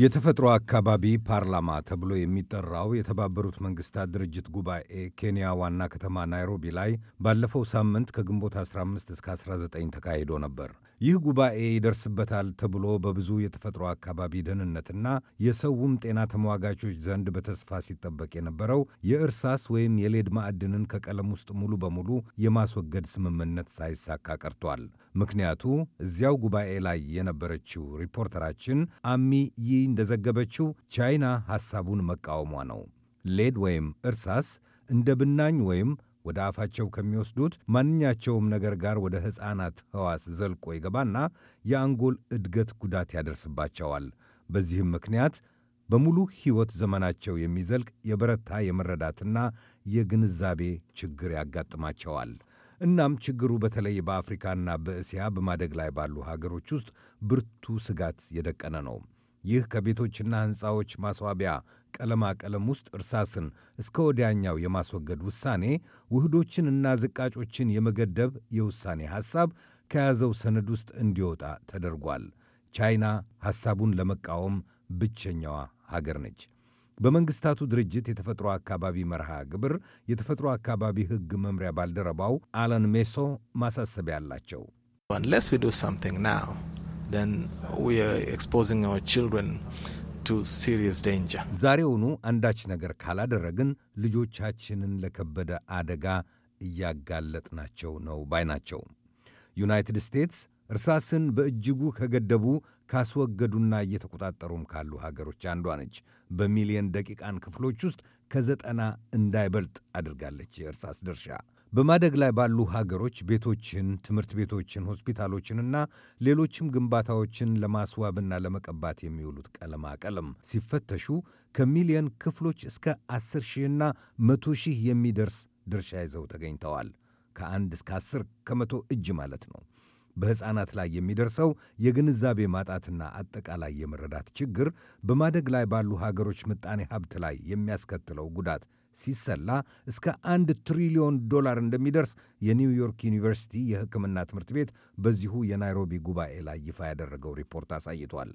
የተፈጥሮ አካባቢ ፓርላማ ተብሎ የሚጠራው የተባበሩት መንግስታት ድርጅት ጉባኤ ኬንያ ዋና ከተማ ናይሮቢ ላይ ባለፈው ሳምንት ከግንቦት 15 እስከ 19 ተካሂዶ ነበር። ይህ ጉባኤ ይደርስበታል ተብሎ በብዙ የተፈጥሮ አካባቢ ደህንነትና የሰውም ጤና ተሟጋቾች ዘንድ በተስፋ ሲጠበቅ የነበረው የእርሳስ ወይም የሌድ ማዕድንን ከቀለም ውስጥ ሙሉ በሙሉ የማስወገድ ስምምነት ሳይሳካ ቀርቷል። ምክንያቱ እዚያው ጉባኤ ላይ የነበረችው ሪፖርተራችን አሚ እንደዘገበችው ቻይና ሐሳቡን መቃወሟ ነው። ሌድ ወይም እርሳስ እንደ ብናኝ ወይም ወደ አፋቸው ከሚወስዱት ማንኛቸውም ነገር ጋር ወደ ሕፃናት ሕዋስ ዘልቆ ይገባና የአንጎል እድገት ጉዳት ያደርስባቸዋል። በዚህም ምክንያት በሙሉ ሕይወት ዘመናቸው የሚዘልቅ የበረታ የመረዳትና የግንዛቤ ችግር ያጋጥማቸዋል። እናም ችግሩ በተለይ በአፍሪካና በእስያ በማደግ ላይ ባሉ ሀገሮች ውስጥ ብርቱ ስጋት የደቀነ ነው። ይህ ከቤቶችና ሕንፃዎች ማስዋቢያ ቀለማ ቀለም ውስጥ እርሳስን እስከ ወዲያኛው የማስወገድ ውሳኔ ውህዶችንና ዝቃጮችን የመገደብ የውሳኔ ሐሳብ ከያዘው ሰነድ ውስጥ እንዲወጣ ተደርጓል። ቻይና ሐሳቡን ለመቃወም ብቸኛዋ ሀገር ነች። በመንግስታቱ ድርጅት የተፈጥሮ አካባቢ መርሃ ግብር የተፈጥሮ አካባቢ ሕግ መምሪያ ባልደረባው አለን ሜሶ ማሳሰቢያ አላቸው። ዛሬውኑ አንዳች ነገር ካላደረግን ልጆቻችንን ለከበደ አደጋ እያጋለጥናቸው ነው ባይ ናቸው። ዩናይትድ ስቴትስ እርሳስን በእጅጉ ከገደቡ ካስወገዱና እየተቆጣጠሩም ካሉ ሀገሮች አንዷ ነች። በሚሊየን ደቂቃን ክፍሎች ውስጥ ከዘጠና እንዳይበልጥ አድርጋለች የእርሳስ ድርሻ በማደግ ላይ ባሉ ሀገሮች ቤቶችን፣ ትምህርት ቤቶችን፣ ሆስፒታሎችንና ሌሎችም ግንባታዎችን ለማስዋብና ለመቀባት የሚውሉት ቀለማ ቀለም ሲፈተሹ ከሚሊየን ክፍሎች እስከ 10 ሺህና 100 ሺህ የሚደርስ ድርሻ ይዘው ተገኝተዋል። ከአንድ እስከ 10 ከመቶ እጅ ማለት ነው። በሕፃናት ላይ የሚደርሰው የግንዛቤ ማጣትና አጠቃላይ የመረዳት ችግር በማደግ ላይ ባሉ ሀገሮች ምጣኔ ሀብት ላይ የሚያስከትለው ጉዳት ሲሰላ እስከ አንድ ትሪሊዮን ዶላር እንደሚደርስ የኒውዮርክ ዩኒቨርሲቲ የሕክምና ትምህርት ቤት በዚሁ የናይሮቢ ጉባኤ ላይ ይፋ ያደረገው ሪፖርት አሳይቷል።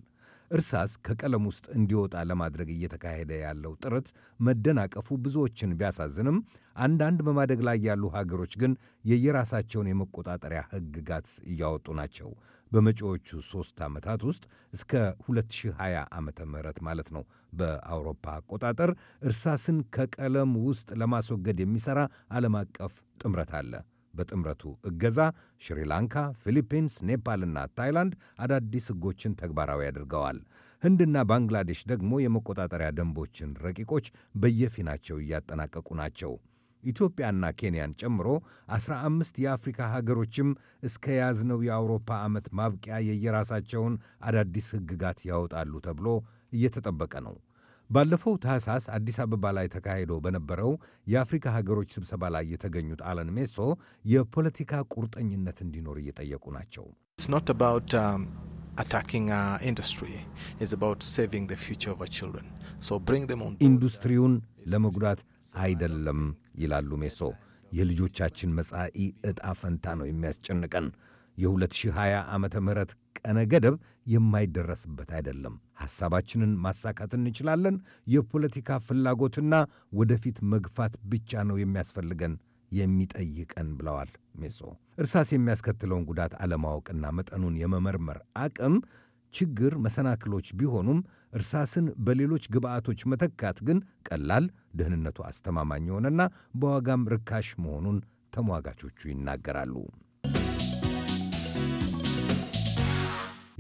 እርሳስ ከቀለም ውስጥ እንዲወጣ ለማድረግ እየተካሄደ ያለው ጥረት መደናቀፉ ብዙዎችን ቢያሳዝንም አንዳንድ በማደግ ላይ ያሉ ሀገሮች ግን የየራሳቸውን የመቆጣጠሪያ ሕግጋት እያወጡ ናቸው። በመጪዎቹ ሦስት ዓመታት ውስጥ እስከ 2020 ዓመተ ምት ማለት ነው በአውሮፓ አቆጣጠር እርሳስን ከቀለም ውስጥ ለማስወገድ የሚሠራ ዓለም አቀፍ ጥምረት አለ። በጥምረቱ እገዛ ሽሪላንካ፣ ፊሊፒንስ፣ ኔፓልና ታይላንድ አዳዲስ ሕጎችን ተግባራዊ አድርገዋል። ህንድና ባንግላዴሽ ደግሞ የመቆጣጠሪያ ደንቦችን ረቂቆች በየፊናቸው እያጠናቀቁ ናቸው። ኢትዮጵያና ኬንያን ጨምሮ 15 የአፍሪካ ሀገሮችም እስከ ያዝነው የአውሮፓ ዓመት ማብቂያ የየራሳቸውን አዳዲስ ሕግጋት ያወጣሉ ተብሎ እየተጠበቀ ነው። ባለፈው ታህሳስ አዲስ አበባ ላይ ተካሂዶ በነበረው የአፍሪካ ሀገሮች ስብሰባ ላይ የተገኙት አለን ሜሶ የፖለቲካ ቁርጠኝነት እንዲኖር እየጠየቁ ናቸው። um, ኢንዱስትሪውን ለመጉዳት አይደለም ይላሉ ሜሶ። የልጆቻችን መጻኢ ዕጣ ፈንታ ነው የሚያስጨንቀን። የ2020 ዓመተ ምህረት ቀነ ገደብ የማይደረስበት አይደለም። ሐሳባችንን ማሳካት እንችላለን። የፖለቲካ ፍላጎትና ወደፊት መግፋት ብቻ ነው የሚያስፈልገን የሚጠይቀን ብለዋል ሜሶ። እርሳስ የሚያስከትለውን ጉዳት አለማወቅና መጠኑን የመመርመር አቅም ችግር መሰናክሎች ቢሆኑም እርሳስን በሌሎች ግብአቶች መተካት ግን ቀላል፣ ደህንነቱ አስተማማኝ የሆነና በዋጋም ርካሽ መሆኑን ተሟጋቾቹ ይናገራሉ።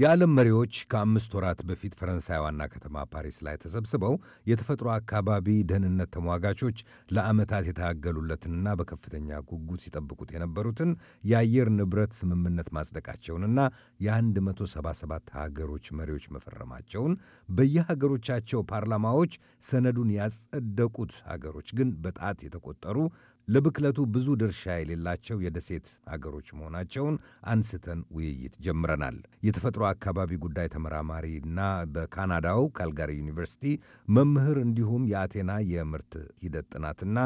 የዓለም መሪዎች ከአምስት ወራት በፊት ፈረንሳይ ዋና ከተማ ፓሪስ ላይ ተሰብስበው የተፈጥሮ አካባቢ ደህንነት ተሟጋቾች ለዓመታት የታገሉለትንና በከፍተኛ ጉጉት ሲጠብቁት የነበሩትን የአየር ንብረት ስምምነት ማጽደቃቸውንና የ177 ሀገሮች መሪዎች መፈረማቸውን በየሀገሮቻቸው ፓርላማዎች ሰነዱን ያጸደቁት ሀገሮች ግን በጣት የተቆጠሩ ለብክለቱ ብዙ ድርሻ የሌላቸው የደሴት አገሮች መሆናቸውን አንስተን ውይይት ጀምረናል። የተፈጥሮ አካባቢ ጉዳይ ተመራማሪና በካናዳው ካልጋሪ ዩኒቨርሲቲ መምህር እንዲሁም የአቴና የምርት ሂደት ጥናትና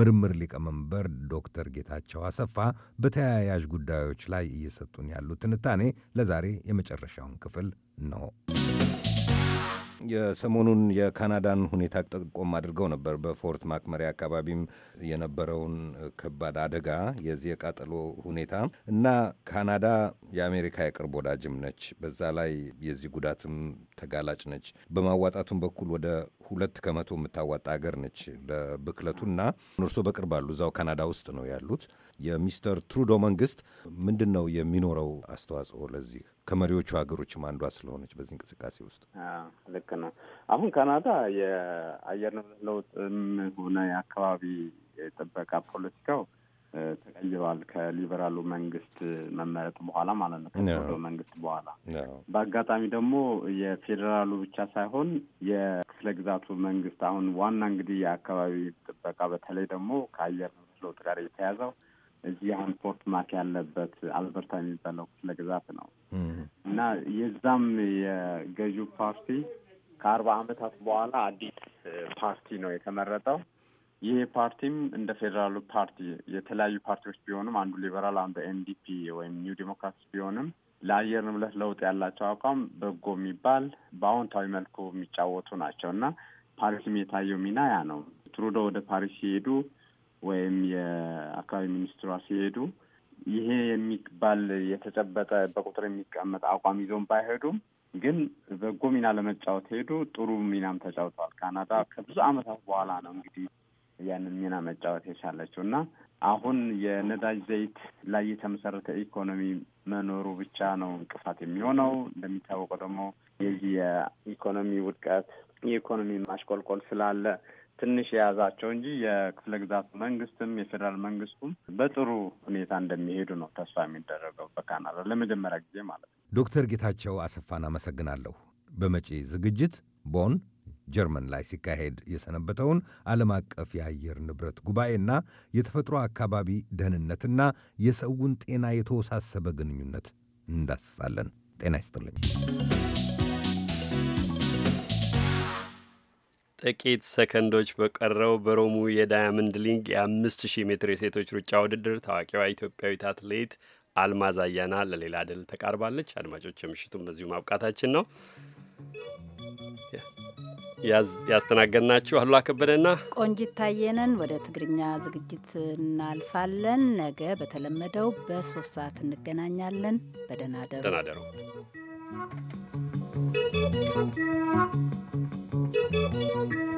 ምርምር ሊቀመንበር ዶክተር ጌታቸው አሰፋ በተያያዥ ጉዳዮች ላይ እየሰጡን ያሉ ትንታኔ ለዛሬ የመጨረሻውን ክፍል ነው። የሰሞኑን የካናዳን ሁኔታ ጠቆም አድርገው ነበር። በፎርት ማክመሪያ አካባቢም የነበረውን ከባድ አደጋ የዚህ የቃጠሎ ሁኔታ እና ካናዳ የአሜሪካ የቅርብ ወዳጅም ነች። በዛ ላይ የዚህ ጉዳትም ተጋላጭ ነች። በማዋጣቱም በኩል ወደ ሁለት ከመቶ የምታዋጣ ሀገር ነች ለብክለቱ እና እርሶ በቅርብ አሉ፣ እዛው ካናዳ ውስጥ ነው ያሉት። የሚስተር ትሩዶ መንግስት ምንድን ነው የሚኖረው አስተዋጽኦ ለዚህ? ከመሪዎቹ ሀገሮችም አንዷ ስለሆነች በዚህ እንቅስቃሴ ውስጥ ልክ ነው። አሁን ካናዳ የአየር ንብረት ለውጥም ሆነ የአካባቢ ጥበቃ ፖለቲካው ተቀይሯል። ከሊበራሉ መንግስት መመረጥ በኋላ ማለት ነው። ከሊበራሉ መንግስት በኋላ በአጋጣሚ ደግሞ የፌዴራሉ ብቻ ሳይሆን የክፍለ ግዛቱ መንግስት አሁን ዋና እንግዲህ የአካባቢ ጥበቃ በተለይ ደግሞ ከአየር ንብረት ለውጥ ጋር የተያዘው እዚህ አሁን ማክ ያለበት አልበርታ የሚባለው ክፍለ ግዛት ነው እና የዛም የገዢው ፓርቲ ከአርባ ዓመታት በኋላ አዲስ ፓርቲ ነው የተመረጠው። ይሄ ፓርቲም እንደ ፌዴራሉ ፓርቲ የተለያዩ ፓርቲዎች ቢሆንም አንዱ ሊበራል፣ አንዱ ኤንዲፒ ወይም ኒው ዲሞክራቲክ ቢሆንም ለአየር ንብረት ለውጥ ያላቸው አቋም በጎ የሚባል በአዎንታዊ መልኩ የሚጫወቱ ናቸው እና ፓሪስም የታየው ሚና ያ ነው። ትሩዶ ወደ ፓሪስ ሲሄዱ ወይም የአካባቢ ሚኒስትሯ ሲሄዱ ይሄ የሚባል የተጨበጠ በቁጥር የሚቀመጥ አቋም ይዞም ባይሄዱም ግን በጎ ሚና ለመጫወት ሄዱ። ጥሩ ሚናም ተጫውተዋል። ካናዳ ከብዙ ዓመታት በኋላ ነው እንግዲህ ያንን ሚና መጫወት የቻለችው እና አሁን የነዳጅ ዘይት ላይ የተመሰረተ ኢኮኖሚ መኖሩ ብቻ ነው እንቅፋት የሚሆነው። እንደሚታወቀው ደግሞ የዚህ የኢኮኖሚ ውድቀት የኢኮኖሚ ማሽቆልቆል ስላለ ትንሽ የያዛቸው እንጂ የክፍለ ግዛት መንግስትም የፌዴራል መንግስቱም በጥሩ ሁኔታ እንደሚሄዱ ነው ተስፋ የሚደረገው በካናዳ ለመጀመሪያ ጊዜ ማለት ነው። ዶክተር ጌታቸው አሰፋን አመሰግናለሁ። በመጪ ዝግጅት ቦን ጀርመን ላይ ሲካሄድ የሰነበተውን ዓለም አቀፍ የአየር ንብረት ጉባኤና የተፈጥሮ አካባቢ ደህንነትና የሰውን ጤና የተወሳሰበ ግንኙነት እንዳስሳለን። ጤና ይስጥልኝ። ጥቂት ሰከንዶች በቀረው በሮሙ የዳያመንድ ሊንግ የ5000 ሜትር የሴቶች ሩጫ ውድድር ታዋቂዋ ኢትዮጵያዊት አትሌት አልማዝ አያና ለሌላ ድል ተቃርባለች። አድማጮች የምሽቱን በዚሁ ማብቃታችን ነው ያስተናገድናችሁ አሉላ ከበደና ቆንጂት ታየነን። ወደ ትግርኛ ዝግጅት እናልፋለን። ነገ በተለመደው በሶስት ሰዓት እንገናኛለን። Thank you. Thank you.